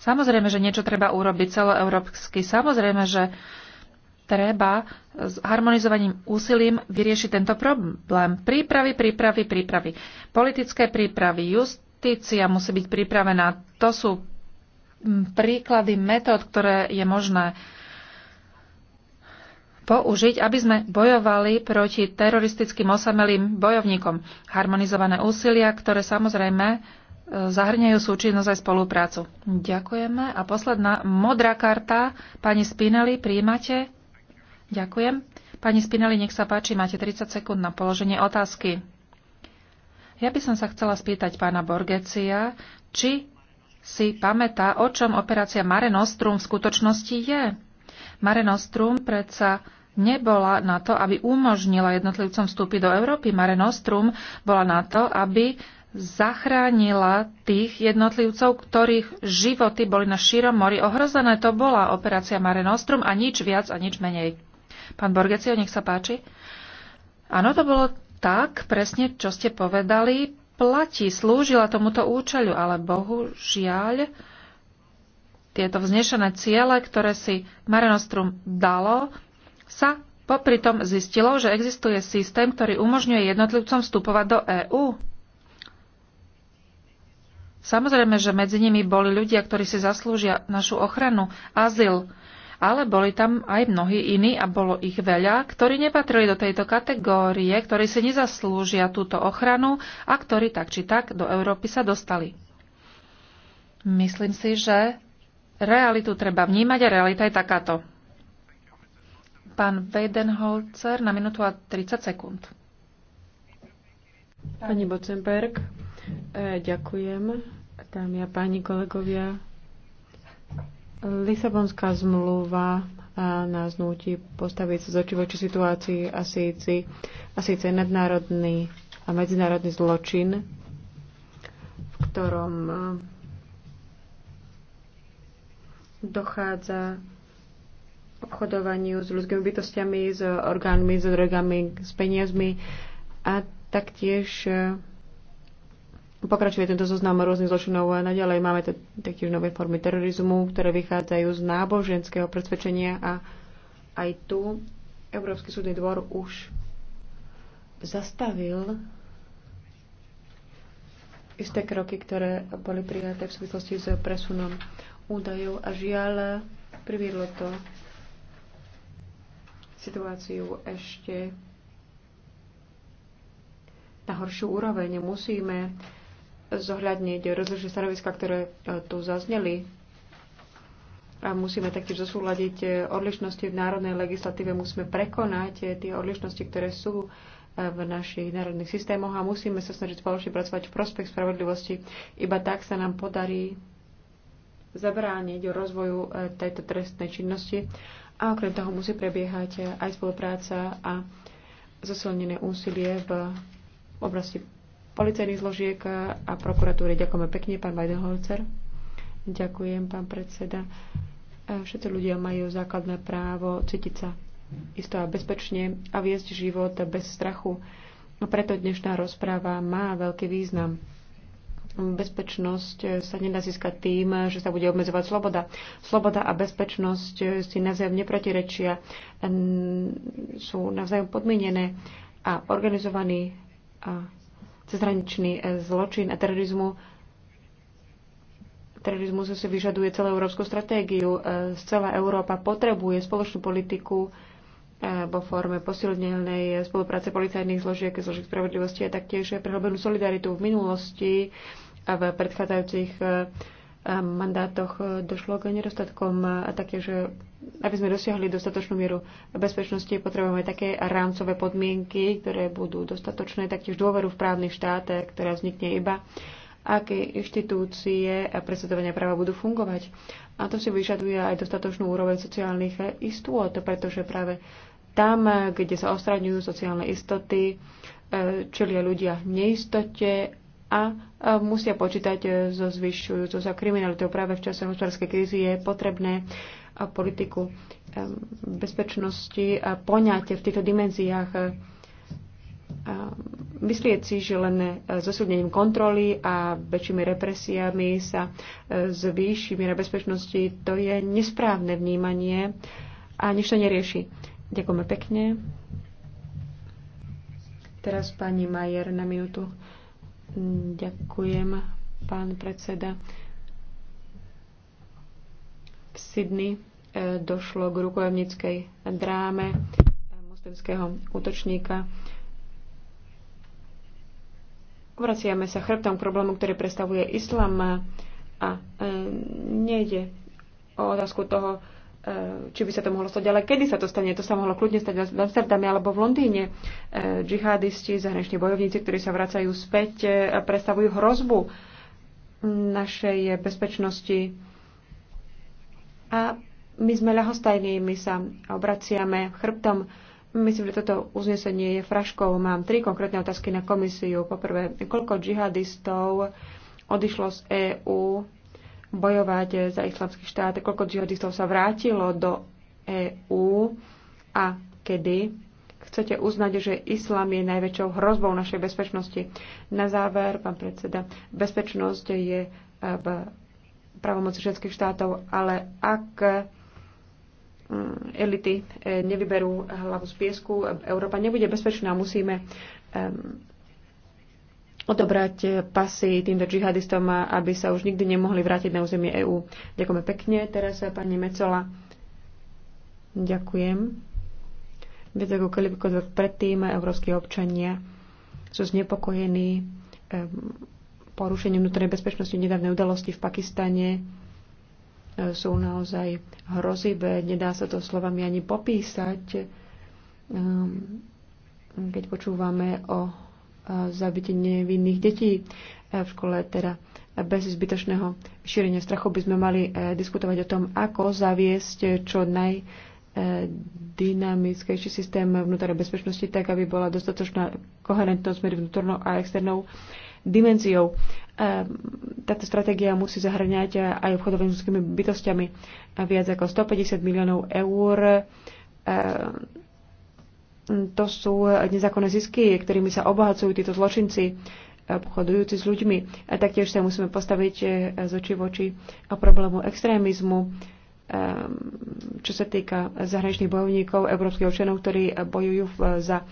Speaker 1: Samozrejme, že niečo treba urobiť celoeurópsky. Samozrejme, že treba s harmonizovaním úsilím vyriešiť tento problém. Prípravy, prípravy, prípravy. Politické prípravy, just, justícia musí byť pripravená. To sú mm, príklady metód, ktoré je možné použiť, aby sme bojovali proti teroristickým osamelým bojovníkom. Harmonizované úsilia, ktoré samozrejme e, zahrňajú súčinnosť aj spoluprácu. Ďakujeme. A posledná modrá karta. Pani Spinelli, príjmate? Ďakujem. Pani Spinelli, nech sa páči, máte 30 sekúnd na položenie otázky. Ja by som sa chcela spýtať pána Borgecia, či si pamätá, o čom operácia Mare Nostrum v skutočnosti je. Mare Nostrum predsa nebola na to, aby umožnila jednotlivcom vstúpiť do Európy. Mare Nostrum bola na to, aby zachránila tých jednotlivcov, ktorých životy boli na širom mori ohrozené. To bola operácia Mare Nostrum a nič viac a nič menej. Pán Borgecio, nech sa páči. Áno, to bolo tak, presne čo ste povedali, platí, slúžila tomuto účelu, ale bohužiaľ tieto vznešené ciele, ktoré si Marenostrum dalo, sa popri tom zistilo, že existuje systém, ktorý umožňuje jednotlivcom vstupovať do EÚ. Samozrejme, že medzi nimi boli ľudia, ktorí si zaslúžia našu ochranu, azyl, ale boli tam aj mnohí iní a bolo ich veľa, ktorí nepatrili do tejto kategórie, ktorí si nezaslúžia túto ochranu a ktorí tak či tak do Európy sa dostali. Myslím si, že realitu treba vnímať a realita je takáto. Pán Weidenholzer na minútu a 30 sekúnd. Pani Bocenberg,
Speaker 2: e, ďakujem. Dámy a páni kolegovia, Lisabonská zmluva nás núti postaviť sa z voči situácii a síci, a síce nadnárodný a medzinárodný zločin, v ktorom dochádza obchodovaniu s ľudskými bytostiami, s orgánmi, s drogami, s peniazmi a taktiež Pokračuje tento zoznam rôznych zločinov a naďalej máme taktiež nové formy terorizmu, ktoré vychádzajú z náboženského presvedčenia a aj tu Európsky súdny dvor už zastavil isté kroky, ktoré boli prijaté v súvislosti s presunom údajov a žiaľ priviedlo to situáciu ešte na horšiu úroveň. Musíme zohľadniť rozličné stanoviska, ktoré e, tu zazneli. A musíme taktiež zosúľadiť e, odlišnosti v národnej legislatíve, musíme prekonať e, tie odlišnosti, ktoré sú v našich národných systémoch a musíme sa snažiť spoločne pracovať v prospech spravodlivosti. Iba tak sa nám podarí zabrániť rozvoju tejto trestnej činnosti a okrem toho musí prebiehať aj spolupráca a zosilnené úsilie v oblasti policajných zložiek a prokuratúry. Ďakujeme pekne, pán Weidenholzer. Ďakujem, pán predseda. E, Všetci ľudia majú základné právo cítiť sa isto a bezpečne a viesť život bez strachu. No preto dnešná rozpráva má veľký význam. Bezpečnosť e, sa nedá získať tým, že sa bude obmedzovať sloboda. Sloboda a bezpečnosť e, si navzájom neprotirečia, sú navzájom podmienené a organizovaný a cezhraničný e, zločin a terorizmu terorizmus si vyžaduje celú európsku stratégiu. E, celá Európa potrebuje spoločnú politiku e, vo forme posilnenej spolupráce policajných zložiek, zložiek spravodlivosti a taktiež prehlbenú solidaritu v minulosti a v predchádzajúcich mandátoch došlo k nedostatkom a taktiež aby sme dosiahli dostatočnú mieru bezpečnosti, potrebujeme také rámcové podmienky, ktoré budú dostatočné, taktiež dôveru v právny štát, eh, ktorá vznikne iba aké inštitúcie a presvedovania práva budú fungovať. A to si vyžaduje aj dostatočnú úroveň sociálnych eh, istôt, pretože práve tam, eh, kde sa ostraňujú sociálne istoty, čelia ľudia neistote a musia počítať so zvyšujúcou sa kriminalitou. Práve v čase hospodárskej krízy je potrebné a politiku bezpečnosti a poňate v týchto dimenziách myslieť si, že len zosilnením eh, kontroly a väčšími represiami sa eh, zvýši miera bezpečnosti, to je nesprávne vnímanie a nič to nerieši. Ďakujeme pekne. Teraz pani Majer na minútu. Hm, ďakujem, pán predseda v Sydney e, došlo k rukojevnickej dráme moslimského útočníka. Vraciame sa chrbtom k problému, ktorý predstavuje islam a e, nejde o otázku toho, e, či by sa to mohlo stať, ale kedy sa to stane. To sa mohlo kľudne stať v Amsterdame alebo v Londýne. E, džihadisti, zahraniční bojovníci, ktorí sa vracajú späť, e, predstavujú hrozbu našej bezpečnosti a my sme ľahostajní, my sa obraciame chrbtom. Myslím, že toto uznesenie je fraškou. Mám tri konkrétne otázky na komisiu. Poprvé, koľko džihadistov odišlo z EÚ bojovať za islamský štát? Koľko džihadistov sa vrátilo do EÚ a kedy? Chcete uznať, že islám je najväčšou hrozbou našej bezpečnosti. Na záver, pán predseda, bezpečnosť je v pravomoci členských štátov, ale ak mm, elity e, nevyberú hlavu z piesku, Európa nebude bezpečná. Musíme odobrať pasy týmto džihadistom, aby sa už nikdy nemohli vrátiť na územie EÚ. Ďakujeme pekne. Teraz e, pani Mecola. Ďakujem. Viete, ako predtým európsky občania sú znepokojení porušenie vnútornej bezpečnosti nedávnej udalosti v Pakistane e, sú naozaj hrozivé. Nedá sa to slovami ani popísať. E, keď počúvame o e, zabite nevinných detí v škole, teda bez zbytočného šírenia strachu by sme mali diskutovať o tom, ako zaviesť čo naj dynamickejší systém vnútornej bezpečnosti, tak aby bola dostatočná koherentnosť medzi vnútornou a externou dimenziou. E, táto stratégia musí zahrňať aj obchodovanie s ľudskými bytostiami viac ako 150 miliónov eur. E, to sú nezákonné zisky, ktorými sa obohacujú títo zločinci obchodujúci s ľuďmi. A taktiež sa musíme postaviť e, z oči v oči o problému extrémizmu, čo sa týka zahraničných bojovníkov, európskych občanov, ktorí bojujú za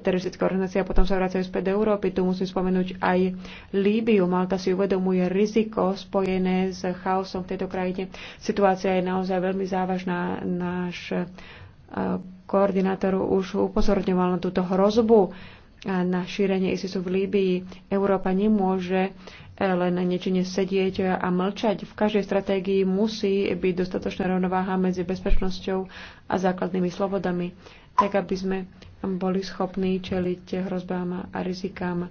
Speaker 2: teroristická organizácia potom sa vracajú späť do Európy. Tu musím spomenúť aj Líbiu. Malta si uvedomuje riziko spojené s chaosom v tejto krajine. Situácia je naozaj veľmi závažná. Náš e, koordinátor už upozorňoval na túto hrozbu na šírenie ISISu v Líbii. Európa nemôže e, len nečine sedieť a mlčať. V každej stratégii musí byť dostatočná rovnováha medzi bezpečnosťou a základnými slobodami, tak aby sme boli schopní čeliť hrozbám a rizikám. E,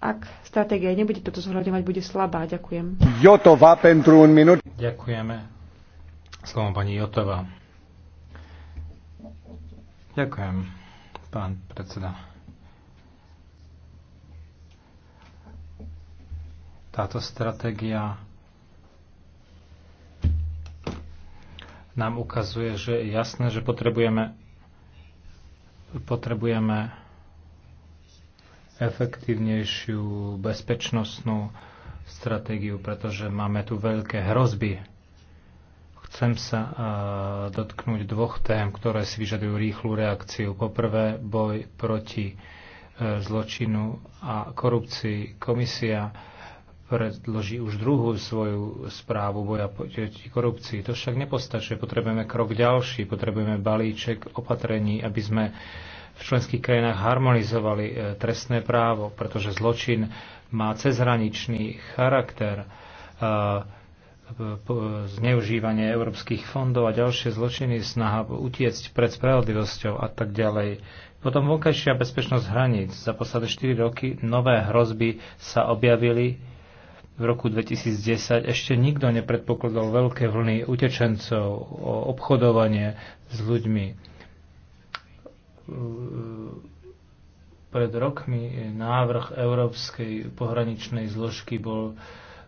Speaker 2: ak stratégia nebude toto zohľadňovať, bude slabá. Ďakujem. Jotova pentru
Speaker 3: un minut. Ďakujeme. Slovo pani Jotova. Ďakujem, pán predseda. Táto stratégia nám ukazuje, že je jasné, že potrebujeme, potrebujeme efektívnejšiu bezpečnostnú stratégiu, pretože máme tu veľké hrozby. Chcem sa e, dotknúť dvoch tém, ktoré si vyžadujú rýchlu reakciu. Poprvé, boj proti e, zločinu a korupcii. Komisia predloží už druhú svoju správu boja proti korupcii. To však nepostačuje. Potrebujeme krok ďalší, potrebujeme balíček opatrení, aby sme v členských krajinách harmonizovali e, trestné právo, pretože zločin má cezhraničný charakter. E, zneužívanie európskych fondov a ďalšie zločiny, snaha utiecť pred spravodlivosťou a tak ďalej. Potom vonkajšia bezpečnosť hraníc. Za posledné 4 roky nové hrozby sa objavili v roku 2010 ešte nikto nepredpokladal veľké vlny utečencov, o obchodovanie s ľuďmi. Pred rokmi návrh Európskej pohraničnej zložky bol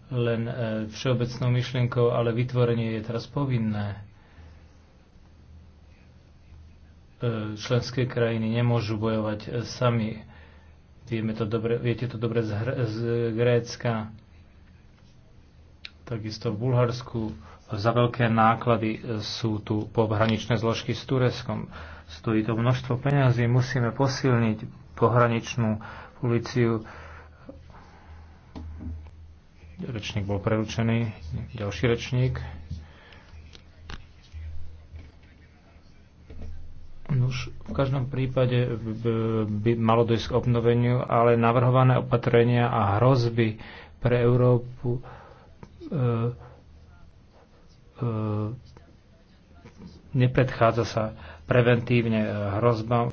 Speaker 3: len e, všeobecnou myšlienkou, ale vytvorenie je teraz povinné. E, členské krajiny nemôžu bojovať e, sami. Vieme to dobre, viete to dobre z, Grécka Takisto v Bulharsku za veľké náklady e, sú tu pohraničné zložky s Tureskom. Stojí to množstvo peňazí, musíme posilniť pohraničnú policiu. Rečník bol preručený, ďalší rečník. Už v každom prípade by malo dojsť k obnoveniu, ale navrhované opatrenia a hrozby pre Európu E, e, nepredchádza sa preventívne hrozbám.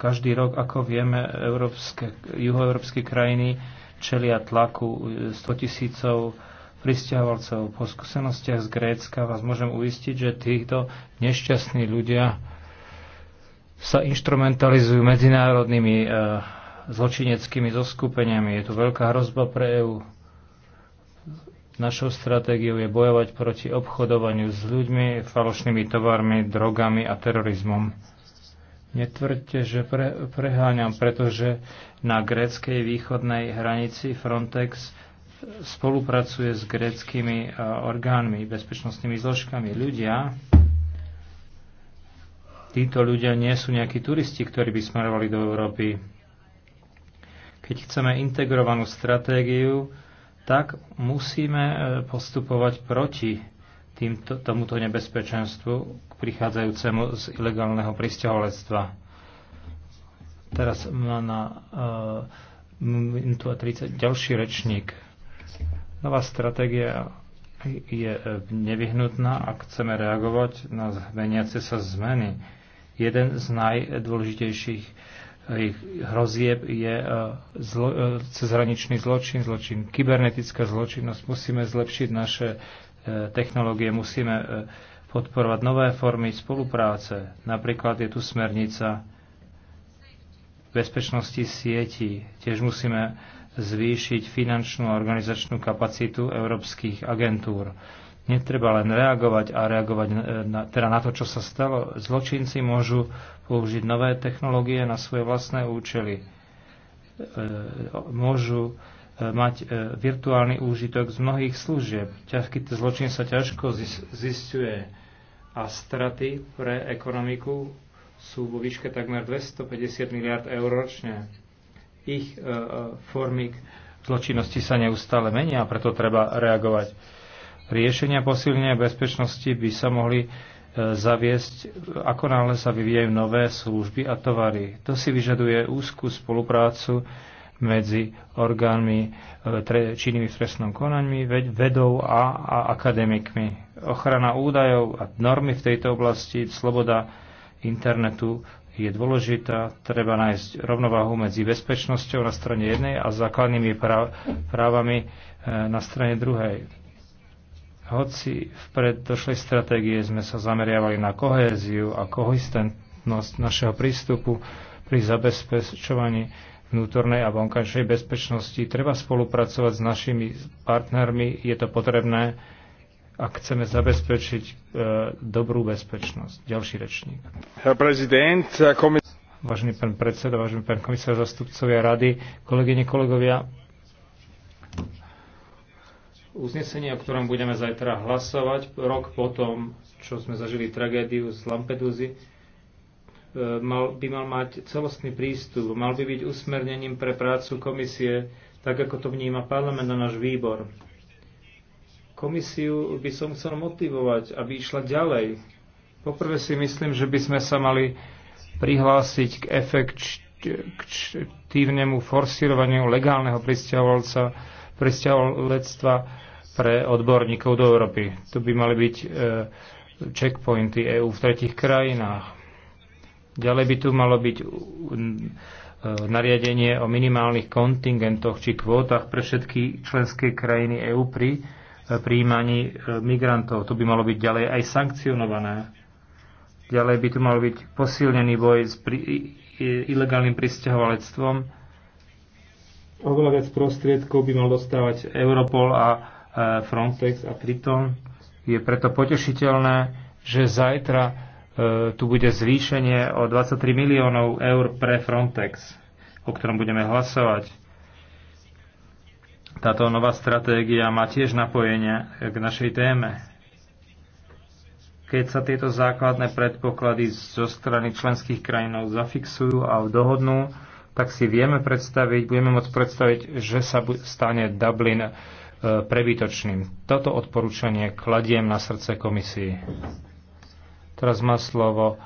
Speaker 3: Každý rok, ako vieme, európske, juhoeurópske krajiny čelia tlaku 100 tisícov pristahovalcov. Po skúsenostiach z Grécka vás môžem uistiť, že týchto nešťastní ľudia sa instrumentalizujú medzinárodnými e, zločineckými zoskupeniami. Je tu veľká hrozba pre EÚ Našou stratégiou je bojovať proti obchodovaniu s ľuďmi, falošnými tovarmi, drogami a terorizmom. Netvrďte, že pre, preháňam, pretože na gréckej východnej hranici Frontex spolupracuje s gréckými e, orgánmi, bezpečnostnými zložkami. Ľudia, títo ľudia nie sú nejakí turisti, ktorí by smerovali do Európy. Keď chceme integrovanú stratégiu, tak musíme e, postupovať proti týmto, tomuto nebezpečenstvu k prichádzajúcemu z ilegálneho pristahovalectva. Teraz má na uh, a 30 ďalší rečník. Nová stratégia je e, nevyhnutná, ak chceme reagovať na zmeniace sa zmeny. Jeden z najdôležitejších ich hrozieb je e, zlo, e, cezhraničný zločin, zločin, kybernetická zločinnosť. Musíme zlepšiť naše e, technológie, musíme podporovať nové formy spolupráce. Napríklad je tu smernica bezpečnosti sietí. Tiež musíme zvýšiť finančnú a organizačnú kapacitu európskych agentúr Netreba len reagovať a reagovať e, na, teda na to, čo sa stalo. Zločinci môžu použiť nové technológie na svoje vlastné účely. E, môžu e, mať virtuálny úžitok z mnohých služieb. Ťažký zločin sa ťažko zistuje a straty pre ekonomiku sú vo výške takmer 250 miliard eur ročne. Ich e, formy zločinnosti sa neustále menia, preto treba reagovať Riešenia posilnenia bezpečnosti by sa mohli e, zaviesť, ako náhle sa vyvíjajú nové služby a tovary. To si vyžaduje úzkú spoluprácu medzi orgánmi e, činnými v trestnom konaní, vedou a, a akademikmi. Ochrana údajov a normy v tejto oblasti, sloboda internetu je dôležitá. Treba nájsť rovnováhu medzi bezpečnosťou na strane jednej a základnými právami e, na strane druhej hoci v predošlej stratégie sme sa zameriavali na kohéziu a kohistentnosť našeho prístupu pri zabezpečovaní vnútornej a vonkajšej bezpečnosti, treba spolupracovať s našimi partnermi, je to potrebné, ak chceme zabezpečiť e, dobrú bezpečnosť. Ďalší rečník. Vážený pán predseda, vážený pán komisár, zastupcovia rady, kolegyne, kolegovia, Uznesenie, o ktorom budeme zajtra hlasovať, rok potom, čo sme zažili tragédiu z Lampeduzy, e, mal, by mal mať celostný prístup, mal by byť usmernením pre prácu komisie, tak ako to vníma parlament a náš výbor. Komisiu by som chcel motivovať, aby išla ďalej. Poprvé si myslím, že by sme sa mali prihlásiť k efektívnemu forsírovaniu legálneho pristahovalca, pristahovalectva pre odborníkov do Európy. Tu by mali byť e, checkpointy EÚ v tretich krajinách. Ďalej by tu malo byť e, nariadenie o minimálnych kontingentoch či kvótach pre všetky členské krajiny EÚ pri e, príjmaní migrantov. To by malo byť ďalej aj sankcionované. Ďalej by tu mal byť posilnený boj s pri, ilegálnym pristahovalectvom. Oveľa viac prostriedkov by mal dostávať Europol a Frontex a pritom je preto potešiteľné, že zajtra e, tu bude zvýšenie o 23 miliónov eur pre Frontex, o ktorom budeme hlasovať. Táto nová stratégia má tiež napojenie k našej téme. Keď sa tieto základné predpoklady zo strany členských krajinov zafixujú a dohodnú, tak si vieme predstaviť, budeme môcť predstaviť, že sa stane Dublin prebytočným. Toto odporúčanie kladiem na srdce komisii. Teraz má slovo e,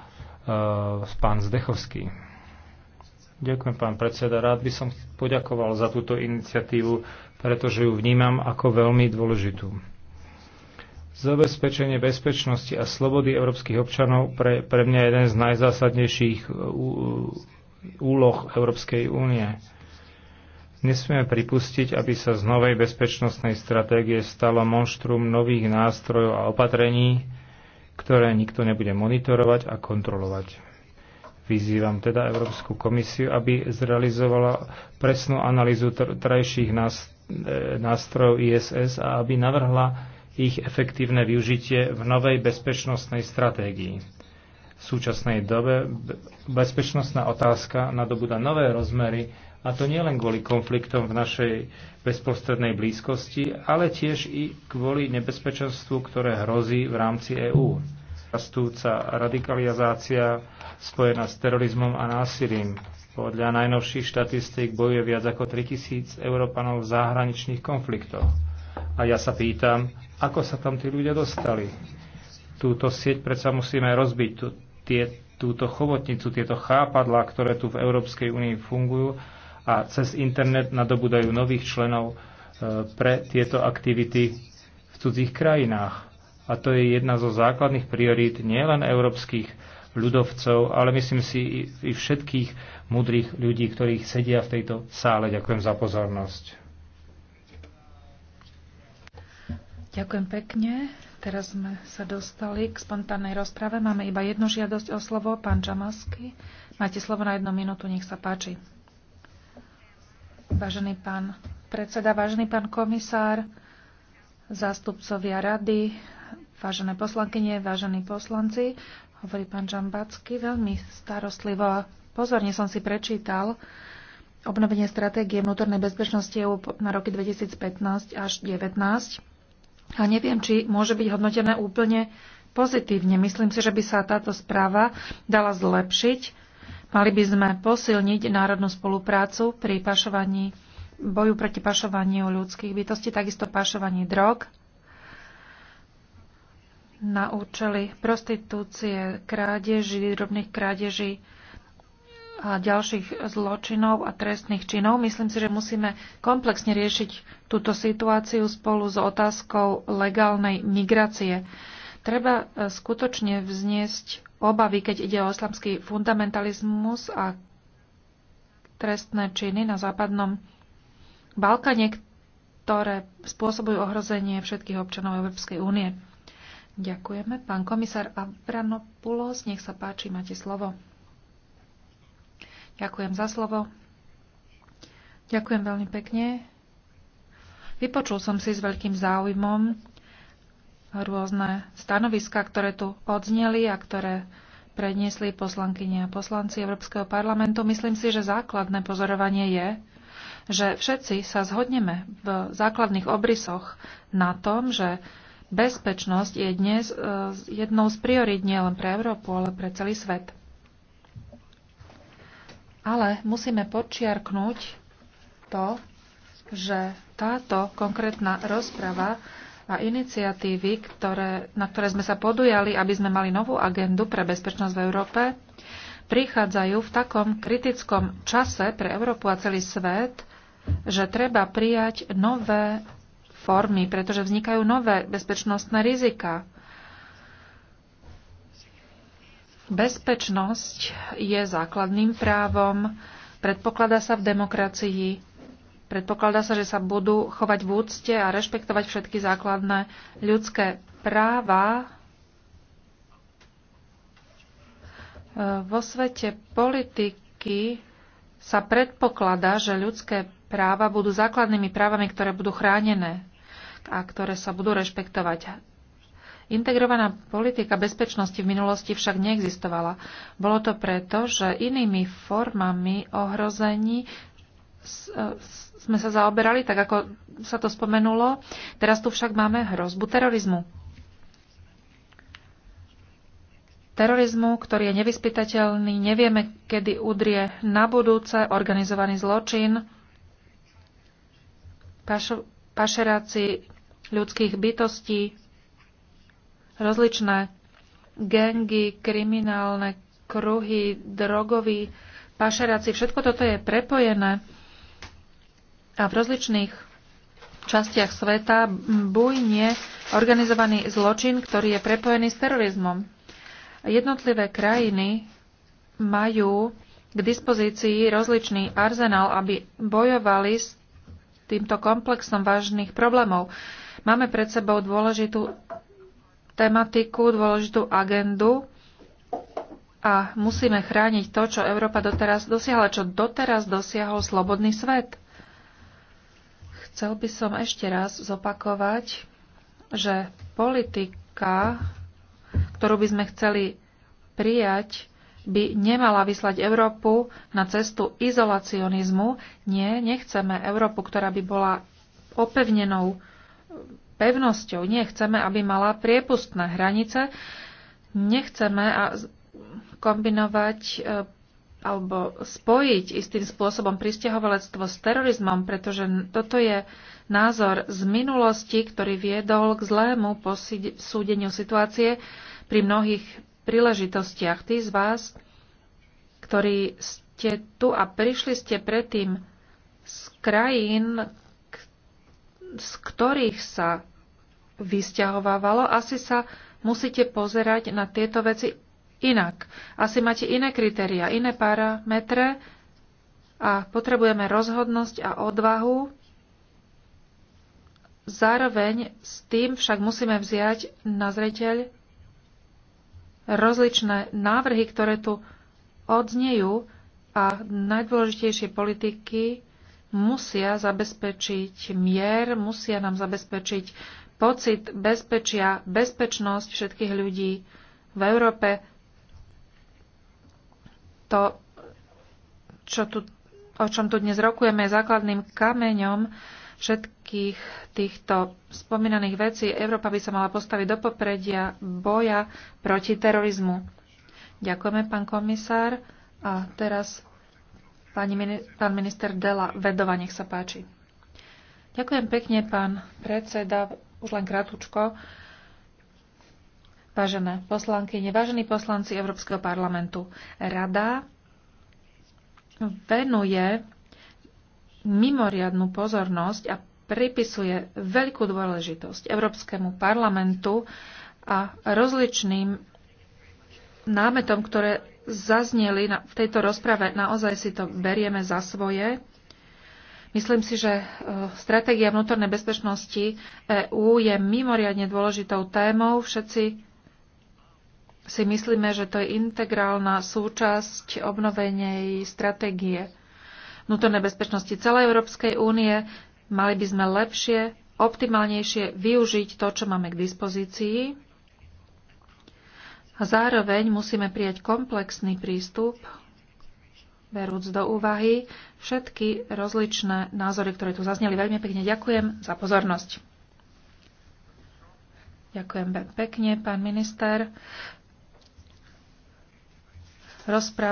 Speaker 3: pán Zdechovský. Ďakujem, pán predseda. Rád by som poďakoval za túto iniciatívu, pretože ju vnímam ako veľmi dôležitú. Zabezpečenie bezpečnosti a slobody európskych občanov pre, pre mňa je jeden z najzásadnejších úloh Európskej únie Nesmieme pripustiť, aby sa z novej bezpečnostnej stratégie stalo monštrum nových nástrojov a opatrení, ktoré nikto nebude monitorovať a kontrolovať. Vyzývam teda Európsku komisiu, aby zrealizovala presnú analýzu trajších e, nástrojov ISS a aby navrhla ich efektívne využitie v novej bezpečnostnej stratégii. V súčasnej dobe bezpečnostná otázka nadobúda nové rozmery a to nielen kvôli konfliktom v našej bezprostrednej blízkosti, ale tiež i kvôli nebezpečenstvu, ktoré hrozí v rámci EÚ. Rastúca radikalizácia spojená s terorizmom a násilím. Podľa najnovších štatistík bojuje viac ako 3000 Európanov v zahraničných konfliktoch. A ja sa pýtam, ako sa tam tí ľudia dostali. Túto sieť predsa musíme rozbiť, tú, tie, túto chobotnicu, tieto chápadlá, ktoré tu v Európskej únii fungujú a cez internet nadobudajú nových členov e, pre tieto aktivity v cudzích krajinách. A to je jedna zo základných priorít nielen európskych ľudovcov, ale myslím si i všetkých mudrých ľudí, ktorých sedia v tejto sále. Ďakujem za pozornosť.
Speaker 1: Ďakujem pekne. Teraz sme sa dostali k spontánnej rozprave. Máme iba jednu žiadosť o slovo. Pán Čamasky, máte slovo na jednu minútu, nech sa páči. Vážený pán predseda, vážený pán komisár, zástupcovia rady, vážené poslankyne, vážení poslanci, hovorí pán Žambacký, veľmi starostlivo a pozorne som si prečítal obnovenie stratégie vnútornej bezpečnosti EU na roky 2015 až 2019. A neviem, či môže byť hodnotené úplne pozitívne. Myslím si, že by sa táto správa dala zlepšiť Mali by sme posilniť národnú spoluprácu pri pašovaní, boju proti pašovaniu ľudských bytostí, takisto pašovaní drog na účely prostitúcie, krádeži, drobných krádeží a ďalších zločinov a trestných činov. Myslím si, že musíme komplexne riešiť túto situáciu spolu s otázkou legálnej migrácie. Treba e, skutočne vzniesť obavy, keď ide o islamský fundamentalizmus a trestné činy na západnom Balkáne, ktoré spôsobujú ohrozenie všetkých občanov Európskej únie. Ďakujeme. Pán komisár Avranopoulos, nech sa páči, máte slovo. Ďakujem za slovo. Ďakujem veľmi pekne. Vypočul som si s veľkým záujmom rôzne stanoviska, ktoré tu odzneli a ktoré predniesli poslankyne a poslanci Európskeho parlamentu. Myslím si, že základné pozorovanie je, že všetci sa zhodneme v základných obrysoch na tom, že bezpečnosť je dnes e, jednou z priorít nielen pre Európu, ale pre celý svet. Ale musíme podčiarknúť to, že táto konkrétna rozprava a iniciatívy, ktoré, na ktoré sme sa podujali, aby sme mali novú agendu pre bezpečnosť v Európe, prichádzajú v takom kritickom čase pre Európu a celý svet, že treba prijať nové formy, pretože vznikajú nové bezpečnostné rizika. Bezpečnosť je základným právom, predpokladá sa v demokracii Predpokladá sa, že sa budú chovať v úcte a rešpektovať všetky základné ľudské práva. Vo svete politiky sa predpokladá, že ľudské práva budú základnými právami, ktoré budú chránené a ktoré sa budú rešpektovať. Integrovaná politika bezpečnosti v minulosti však neexistovala. Bolo to preto, že inými formami ohrození sme sa zaoberali, tak ako sa to spomenulo. Teraz tu však máme hrozbu terorizmu. Terorizmu, ktorý je nevyspytateľný, nevieme, kedy udrie na budúce organizovaný zločin, paš- pašeráci ľudských bytostí, rozličné gengy, kriminálne kruhy, drogoví pašeráci. Všetko toto je prepojené a v rozličných častiach sveta bujne organizovaný zločin, ktorý je prepojený s terorizmom. Jednotlivé krajiny majú k dispozícii rozličný arzenál, aby bojovali s týmto komplexom vážnych problémov. Máme pred sebou dôležitú tematiku, dôležitú agendu a musíme chrániť to, čo Európa doteraz dosiahla, čo doteraz dosiahol slobodný svet. Chcel by som ešte raz zopakovať, že politika, ktorú by sme chceli prijať, by nemala vyslať Európu na cestu izolacionizmu. Nie, nechceme Európu, ktorá by bola opevnenou pevnosťou. Nie, chceme, aby mala priepustné hranice. Nechceme kombinovať e, alebo spojiť istým spôsobom pristahovalectvo s terorizmom, pretože toto je názor z minulosti, ktorý viedol k zlému posúdeniu situácie pri mnohých príležitostiach. Tí z vás, ktorí ste tu a prišli ste predtým z krajín, z ktorých sa vysťahovávalo, asi sa musíte pozerať na tieto veci inak. Asi máte iné kritéria, iné parametre a potrebujeme rozhodnosť a odvahu. Zároveň s tým však musíme vziať na zreteľ rozličné návrhy, ktoré tu odznejú a najdôležitejšie politiky musia zabezpečiť mier, musia nám zabezpečiť pocit bezpečia, bezpečnosť všetkých ľudí v Európe to, čo tu, o čom tu dnes rokujeme, je základným kameňom všetkých týchto spomínaných vecí. Európa by sa mala postaviť do popredia boja proti terorizmu. Ďakujeme, pán komisár. A teraz pani, pán minister Dela Vedova, nech sa páči. Ďakujem pekne, pán predseda. Už len Uh, Vážené poslankyne, vážení poslanci Európskeho parlamentu, Rada venuje mimoriadnú pozornosť a pripisuje veľkú dôležitosť Európskemu parlamentu a rozličným námetom, ktoré zazneli v tejto rozprave. Naozaj si to berieme za svoje. Myslím si, že e, stratégia vnútornej bezpečnosti EÚ je mimoriadne dôležitou témou. Všetci si myslíme, že to je integrálna súčasť obnovenej stratégie vnútornej bezpečnosti celej Európskej únie. Mali by sme lepšie, optimálnejšie využiť to, čo máme k dispozícii. A zároveň musíme prijať komplexný prístup, berúc do úvahy všetky rozličné názory, ktoré tu zazneli. Veľmi pekne ďakujem za pozornosť. Ďakujem pekne, pán minister. Rozpráva